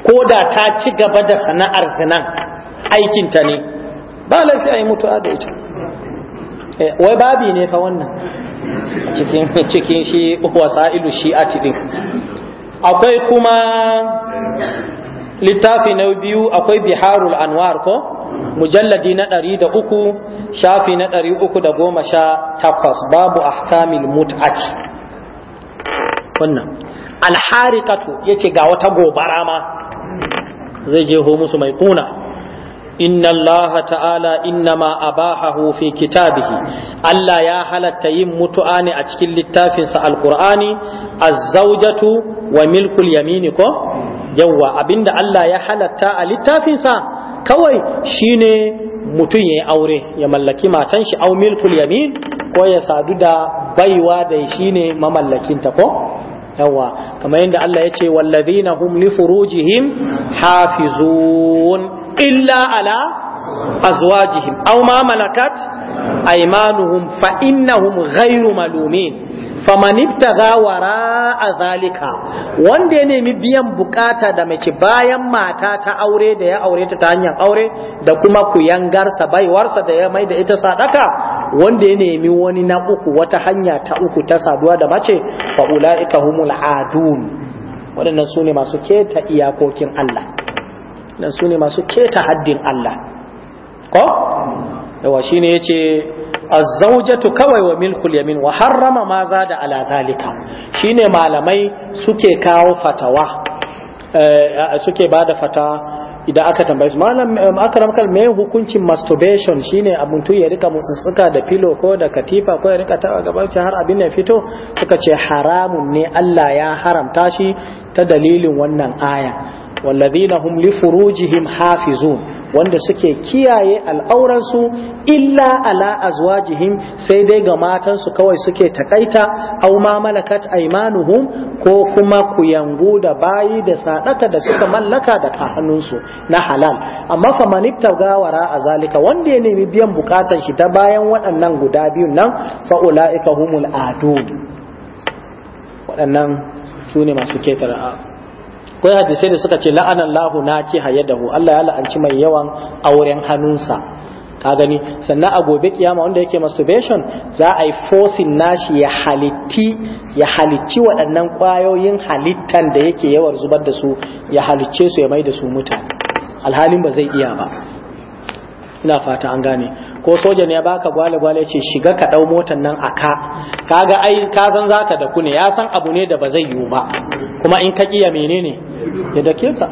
ko da ta ci gaba da sana'ar zinan aikinta ne ba laifi a yi mutuwa da ita eh, wai babi ne fa wannan cikin shi wasa'ilu shi a cikin akwai kuma littafi na biyu akwai biharul anwar ko mujalladi na ɗari da uku shafi na ɗari uku da goma sha takwas babu ahkamil mut'ati wannan alharikatu yake ga wata gobara ma zai je ho musu mai kuna inna Allah ta'ala innama abahahu fi kitabihi Allah ya halatta yin mutu'a ne a cikin littafinsa alqur'ani az-zawjatu wa milkul yamini ko yawwa abinda Allah ya halatta a littafinsa kawai shine mutum ya yi aure ya mallaki matan shi au milkul yamin ko ya sadu da baiwa da shine mamallakinta ko yawa kamar yadda Allah ya ce wallazina hum li furujihim hafizun illa ala azwajihim aw ma malakat aymanuhum fa innahum ghayru malumin faman ibtagha wara'a zalika wanda ya nemi biyan bukata da mace bayan mata ta aure da ya aure ta ta hanyar aure da kuma kuyangarsa baiwarsa da ya mai da ita sadaka wanda ya nemi wani na uku wata hanya ta uku ta saduwa da mace fa ula'ika humul adun wadannan su masu keta iyakokin Allah waɗannan su ne masu keta haddin Allah ko yawa shine yace azzaujatu kawai wa milkul yamin wa harrama ma zada ala zalika shine malamai suke kawo fatawa eh, suke bada fatawa idan aka tambaye su malam um, ramkal me hukuncin masturbation shine abuntu ya rika mutsutsuka da filo ko da katifa ko ya rika tawa gaban shi har abin ya fito suka ce haramun ne Allah ya haramta shi ta dalilin wannan aya wallazina hum li furujihim hafizun wanda suke kiyaye al'auransu illa ala azwajihim sai dai ga matansu kawai suke takaita aw ma malakat aymanuhum ko kuma ku kuyangu da bayi da sadaka da suka mallaka da hannunsu na halal amma fa man gawara a zalika wanda ya nemi biyan bukatar shi ta bayan waɗannan guda biyu nan fa ulaika humul adu. waɗannan su ne masu ketare kai hadisai da suka ce la'anan lahu na ke la'anallahu da hu, Allah ya la'anci mai yawan auren hannunsa ka gani sannan a gobe kiyama wanda yake masturbation za a yi forcing nashi ya halitti ya halicci waɗannan ƙwayoyin halittan da yake yawar zubar da su ya halicce su ya mai da su mutane alhalin ba zai iya ba ina fata an gane ko soja ne ya baka gwale gwale ce shiga ka dau motan nan aka kaga ai ka san zaka da ku ne ya san abu ne da ba zai yiwu ba kuma in ka kiya menene ya dake ka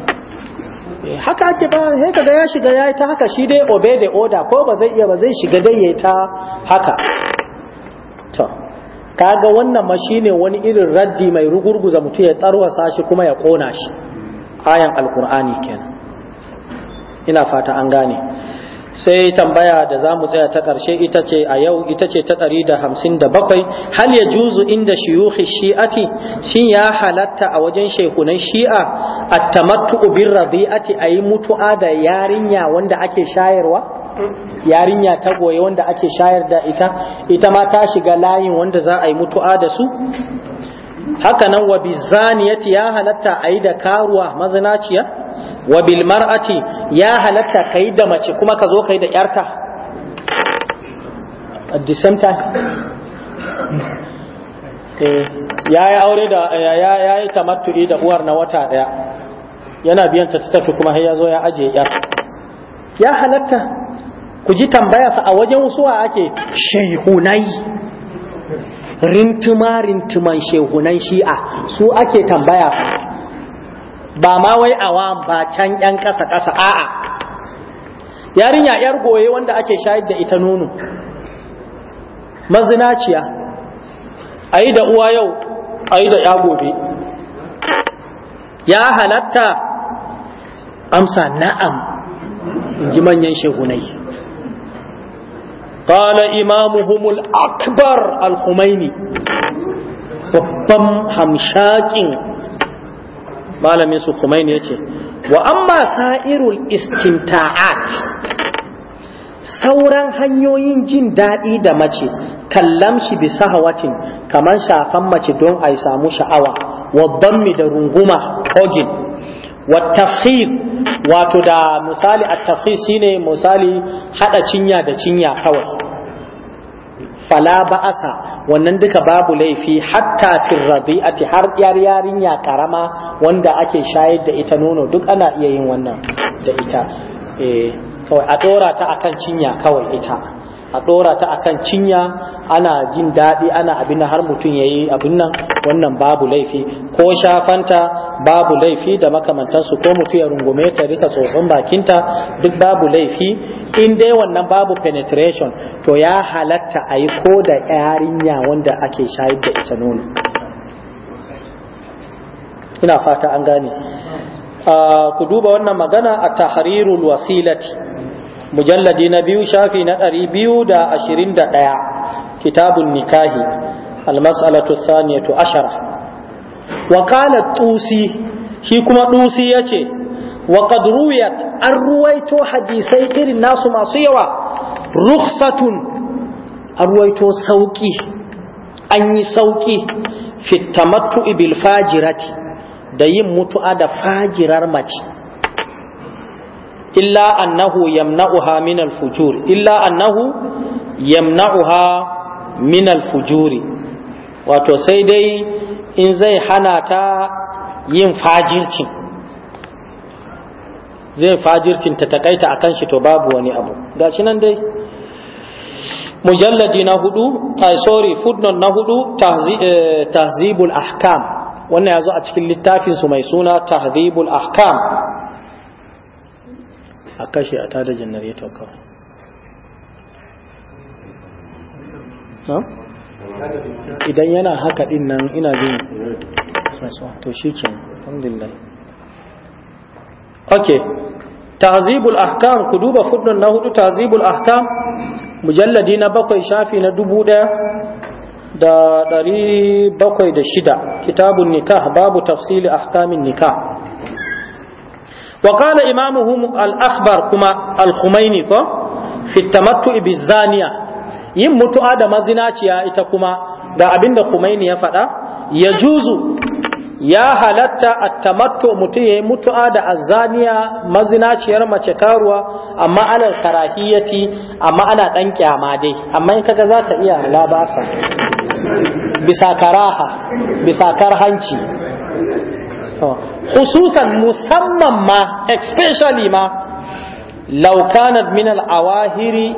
eh, haka ake ba sai kaga ya shiga yayi ta haka shi dai obey the order ko ba zai iya ba zai shiga dai yayi ta haka to kaga wannan ma shine wani irin raddi mai rugurguza mutum ya sa shi kuma ya kona shi ayan alqur'ani kenan ina fata an gane sai tambaya da za mu tsaya ta ƙarshe ita ce a yau ita ce ta ɗari da hamsin da bakwai hal ya juzu inda shiyuhi shi'ati shin ya halatta a wajen shekunan shi'a a tamattu bin rabi'ati a yi mutu'a da yarinya wanda ake shayarwa yarinya ta goye wanda ake shayar da ita ita ma ta shiga layin wanda za a yi mutu'a da su haka nan wa bizaniyati ya halatta a yi da karuwa mazinaciya wa bil mar'ati ya halatta ka yi da mace kuma ka zo ka yi da yarta A the eh, ya yi aure da ya yi tamatturi da uwar na wata daya yana biyan ta tafi kuma ya zo ya aje yar ya halatta ku ji tambaya fa a wajen suwa ake shehunai rintuma rintuman shehunan shi'a su ake tambaya ba ma wai awam ba can yan ƙasa ƙasa a'a yarinya yar goye wanda ake shayar da ita nono mazinaciya a da uwa yau a da ya gobe ya halatta amsa na'am in ji manyan shehunai. qala imamuhumul akbar al-humaini babban hamshakin malamin su Khomeini yace wa amma sa'irul istimta'at sauran hanyoyin jin daɗi da mace kallam shi bi sahawatin kamar shafan mace don a samu sha'awa wa da runguma hogin wa tafhid wato da misali attafi shine misali hada cinya da cinya kawai fala ba'asa wannan duka babu laifi hatta fil radi'ati har yar yarinya karama wanda ake shayar da ita nono duk ana iya yin wannan da ita eh kawai a dora ta akan cinya kawai ita a ɗorata ta akan cinya ana jin daɗi ana abin har mutum ya yi abin nan wannan babu laifi ko shafanta babu laifi da makamantansu ko mutum ya rungume ta rika tsotson bakinta duk babu laifi in dai wannan babu penetration to ya halatta a yi ko da yarinya wanda ake shayar da ita nono ina fata an gane ah, ku duba wannan magana a tahrirul wasilati mujalladi na biyu shafi na ɗari biyu da ashirin da ɗaya kitabun nikahi almas'alatu saniyatu ashara wa qala tusi shi kuma tusi yace wa qad an ruwaito hadisai irin nasu masu yawa ruksatun. an ruwaito sauƙi, an yi sauƙi, fi tamattu bil fajirati da yin mutu'a da fajirar mace illa annahu yamna'uha min al-fujur illa annahu yamna'uha min fujuri wato sai dai in zai hana ta yin fajircin zai fajircin ta takaita kan shi to babu wani abu gashi nan dai mujalladi na hudu eh, sorry footnote na hudu eh, tahzibul ahkam wannan yazo a cikin littafin su mai suna tahzibul ahkam a kashe a tada janareto kawai idan yana haka din nan ina jin to shi ke alhamdulillah ok tahzibul ahkam ku duba hudun na hudu tazibul ahkam mujalladi na bakwai shafi na dubu daya da dari bakwai da shida kitabun nikah babu tafsili ahkamin nikah wa qala imamuhum al-akhbar kuma al-khumaini ko fi tamattu bizaniya yin mutu'a da mazinaciya ita kuma da abinda khumaini ya faɗa ya juzu ya halatta attamattu mutum ya yi mutu'a da azaniya mazinaciyar mace karuwa amma ma'anar karahiyati amma ana dan kyama dai amma in kaga za ta iya labasa bisa karaha bisa karhanci Kususan musamman ma especially ma law minal min al-awahiri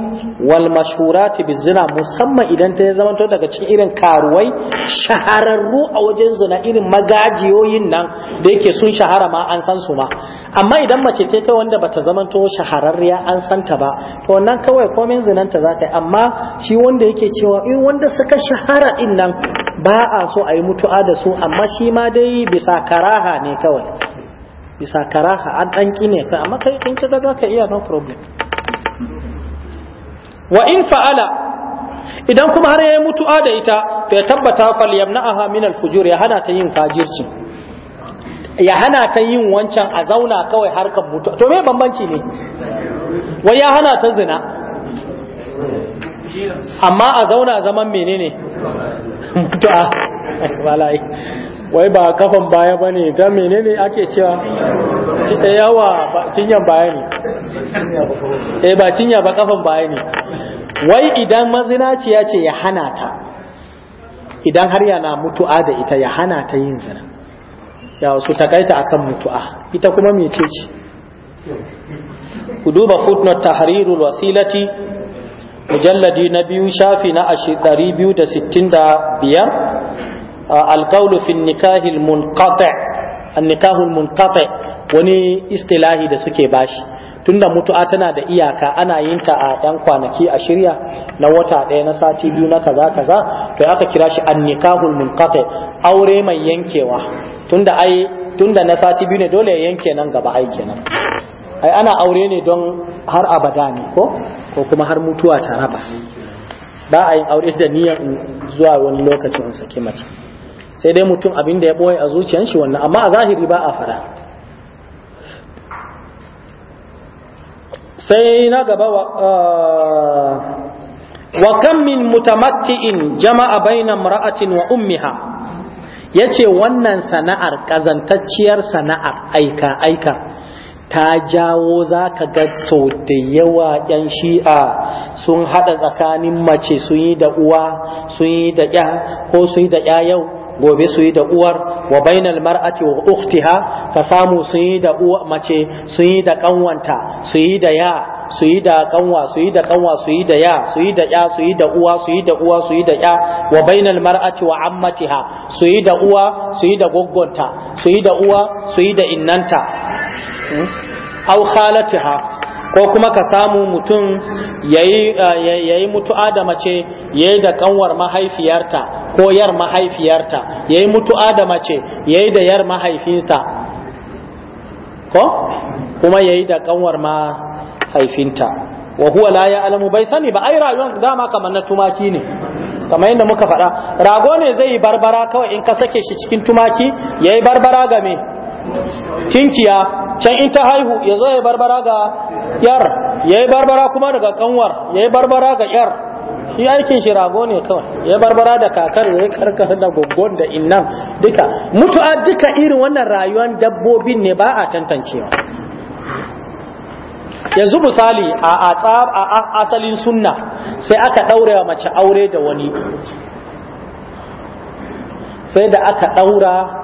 wal mashhurati bizina musamman idan ta zama daga cikin irin karuwai shahararru a wajen zina irin magajiyoyin nan da yake sun shahara ma an san su ma amma idan mace ce ta wanda bata zamanto to shahararriya an san ta ba to wannan kawai komai zinanta za ta yi amma shi wanda yake cewa in wanda suka shahara din nan ba a so ayi mutuwa mutu'a da su amma shi ma dai bisa karaha ne kawai bisa karaha an ɗanki ne kai amma kai in kaga za ka iya no problem wa in fa'ala idan kuma har ya yi mutu'a da ita to ya tabbata fal yamna'aha min al-fujur ya hana ta yin fajirci ya hana ta yin wancan a zauna kawai harkar mutu'a to me bambanci ne wai ya hana ta zina amma a zauna a zaman menene mutu'a walai wai ba kafan baya ba ne ta menene ake cewa yawa ba baya ne eh ba cinya ba kafan baya ne wai idan ya ce ya hana ta idan har yana mutu'a da ita ya hana ta yin zina ya su takaita akan mutu'a ita kuma mece ce ku duba footnote tahrirul wasilati mujalladi na biyu shafi na ɗari biyu da sittin da biyar alkaulu fi nikahil munkate wani istilahi da suke bashi tunda mutu'a tana da iyaka ana yin ta a ɗan kwanaki a shirya na wata ɗaya na sati biyu na kaza kaza to aka kira shi an nikahul munkate aure mai yankewa tunda ai tunda na sati biyu ne dole ya yanke nan gaba ai kenan ai ana aure ne don har abada ne ko ko kuma har mutuwa ta raba ba a yin aure da niyan zuwa wani lokacin in sake mace sai dai mutum abin da ya boye a zuciyar shi wannan amma a zahiri ba a fara sai na gaba wa uh, wa kam min mutamatti'in jama'a bainan mara'atin wa ummiha yace wannan sana'ar kazantacciyar sana'ar aika aika ta jawo za ka ga sau da yawa 'yan shi'a sun haɗa tsakanin mace sun yi da uwa sun yi da ya ko sun yi da ya yau gobe su yi da uwar wa bainal mar'ati wa ukhtiha ka samu su yi da uwa mace su yi da kanwanta su yi da ya su yi da kanwa su yi da kanwa su yi da ya su yi da ya su yi da uwa su yi da uwa su yi da ya wa bainal mar'ati wa ammatiha su yi da uwa su yi da goggonta su yi da uwa su yi da innanta au khalatiha ko kuma ka samu mutum ya yi mutu'a da mace ya yi da kanwar mahaifiyarta ko yar mahaifiyarta ya yi mutu'a da mace da yar mahaifinsa ko kuma ya da kanwar mahaifinta wa huwa la ya alamu bai sani ba ai rayuwar dama kamar na tumaki ne kamar yadda muka faɗa rago ne zai yi barbara kawai in ka sake shi cikin tumaki yayi yi barbara game tinkiya can in ta haihu ya zo ya barbara ga yar ya yi barbara kuma daga kanwar ya yi barbara ga yar shi aikin shi rago ne kawai ya barbara da kakar ya yi karkar da gogon da innan duka mutu'a duka irin wannan rayuwar dabbobin ne ba a tantancewa yanzu misali a asalin sunna sai aka ɗaure wa mace aure da wani sai da aka ɗaura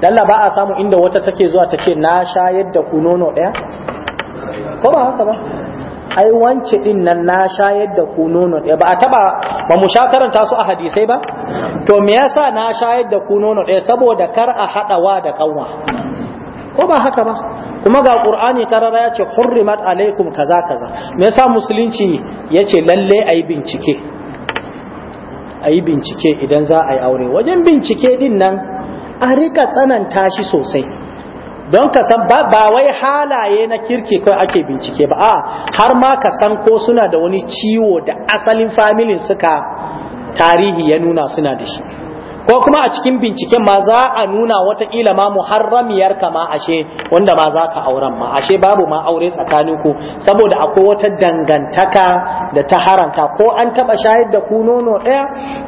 dalla ba a samu inda wata take zuwa ta ce na shayar da ku nono ɗaya ko ba haka ba ai wance din nan na shayar da ku nono ɗaya ba a taba ba mu sha karanta su a hadisai ba to me yasa na shayar da ku nono ɗaya saboda kar a wa da kanwa ko ba haka ba kuma ga qur'ani tarara ya ce hurrimat alaikum kaza kaza me yasa musulunci yace lalle ai bincike ai bincike idan za a yi aure wajen bincike din nan a rika tsananta shi sosai don ka san ba wai halaye na kirki kai ake bincike ba a har ma ka san ko suna da wani ciwo da asalin familin suka tarihi ya nuna suna da shi ko kuma a cikin binciken ma za a nuna watakila ma muharramiyar ka ma ashe wanda ma za ka auren ma ashe babu ma aure tsakanin ku saboda akwai wata dangantaka da ta haranta, ko an taba shayar da ku nono ɗaya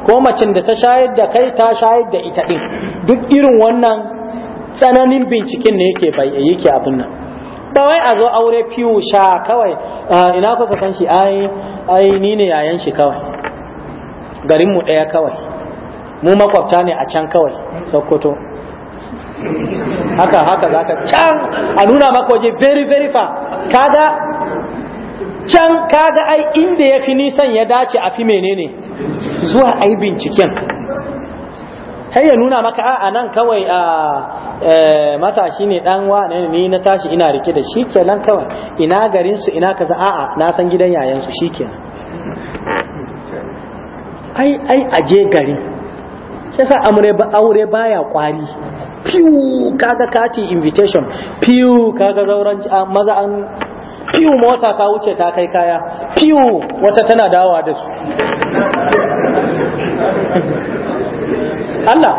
ko macin da ta shayar da kai ta shayar da ita ɗin duk irin wannan tsananin binciken ne yake yake abin nan ba wai a zo aure fiyu sha kawai ah, ina kuka san shi ai ai ni ne yayan shi kawai garinmu ɗaya kawai mu makwabta ne a can kawai sokoto haka haka za ka can a nuna maka waje very very far kaga can kaga ai inda ya fi nisan ya dace a fi menene zuwa ai binciken sai ya nuna maka a nan kawai a e, matashi ne dan wa ne ni na tashi ina rike da shi kawai ina garin su ina kaza a'a na san gidan yayan su shikenan ai ai aje garin. amure ba aure baya kwari piu kaga kati invitation piu kaga zauren maza an piu mota ta wuce ta kai kaya piu wata tana dawa da su Allah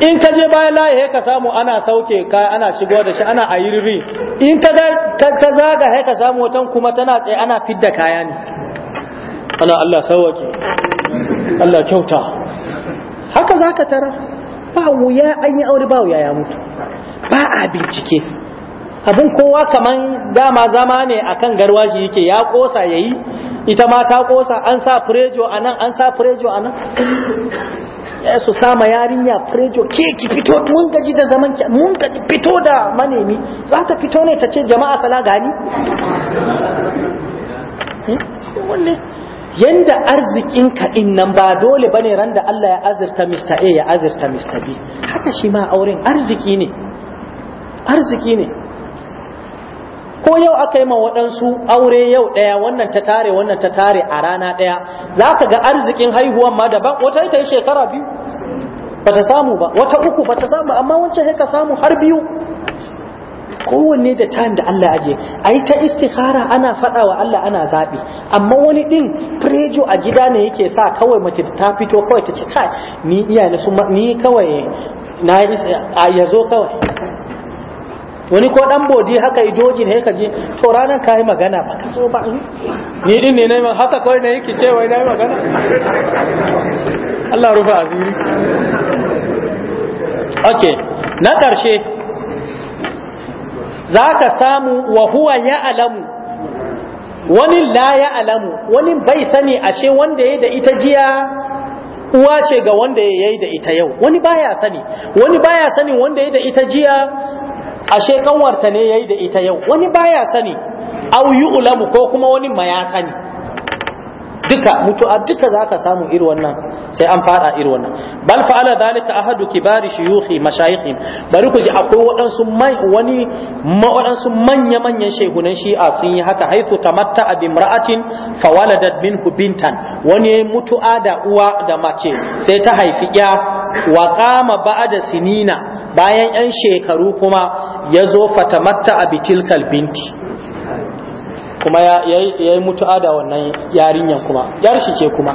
in ka je bayan layi ka samu ana sauke kaya ana shigo da shi ana ayirri in ka zaga he ka samu wata kuma tana tsaye ana fidda kaya ne Allah Allah sauke Allah kyauta haka za ka tara ba wuya an yi aure ba wuya ya mutu ba a bincike abin kowa kaman dama zama ne a kan garwashi yake ya kosa ya yi ita ma ta kosa an sa furejo a nan an sa furejo a nan su sama yarinya furejo ke ki fito mun gaji da zaman ki mun gaji fito da manemi za ta fito ne ta ce jama'a sala gani eh? yanda arzikin ka din nan ba dole bane ran da Allah ya azurta Mr A ya azurta Mr B haka shi ma auren arziki ne arziki ne ko yau aka yi ma waɗansu aure yau ɗaya wannan ta tare wannan ta tare a rana ɗaya za ka ga arzikin haihuwan ma daban wata ita yi shekara biyu ba ta samu ba wata uku ba ta samu amma wancan ya ka samu har biyu kowanne da time da Allah aje yi ta istihara ana fada wa Allah ana zaɓi amma wani ɗin prejo a gida ne yake sa kawai mace ta fito kawai ta ce kai ni iya na ni kawai na yi a yazo kawai wani ko ɗan bodi haka doji ne kaje to ranar ka yi magana ba ka so ba ni ɗin ne na yi haka kawai ne yake cewa yi magana Allah rufa asiri okay na ƙarshe za ka samu wa huwa ya alamu wani la ya alamu wani bai sani ashe wanda ya da ita jiya uwa ce ga wanda ya yi da ita yau wani baya sani wani baya sani wanda ya da ita jiya ashe kanwarta ne ya yi da ita yau wani baya sani au yi ulamu ko kuma wani ma ya sani duka mutu'a duka za ka samu iri wannan sai an fada iri wannan bal fa'ala dalika ahadu kibari shuyuhi mashayikhi bari ku ji akwai waɗansu wani waɗansu manya manyan shehunan shi'a sun yi haka haifu tamatta bi imra'atin fa waladat minhu bintan wani mutu'a da uwa da mace sai ta haifi ya wa kama ba'da sinina bayan yan shekaru kuma ya zo fatamatta bi tilkal binti kuma ya yi mutu'a da wannan yarinyan kuma yarshi ce kuma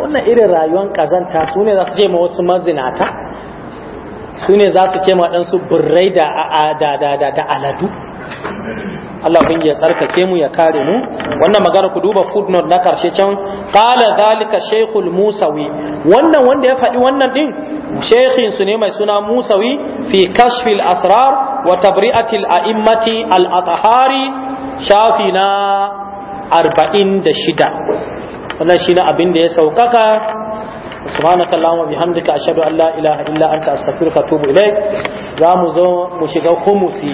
wannan irin rayuwar kazanta su ne za su je ma wasu mazinata su ne za su ce ma ɗansu birrai da da aladu Allah bin ya tsarkake mu ya kare mu wannan magana ku duba footnote na karshe can qala zalika shaykhul musawi wannan wanda ya faɗi wannan din shaykhin su ne mai suna musawi fi kashfil asrar wa tabri'atil a'immati al athhari shafi na 46 wannan shi na abin da ya saukaka subhanaka allahumma bihamdika ashhadu an la ilaha illa anta astaghfiruka wa atubu ilaik zamu zo mu shiga kumusi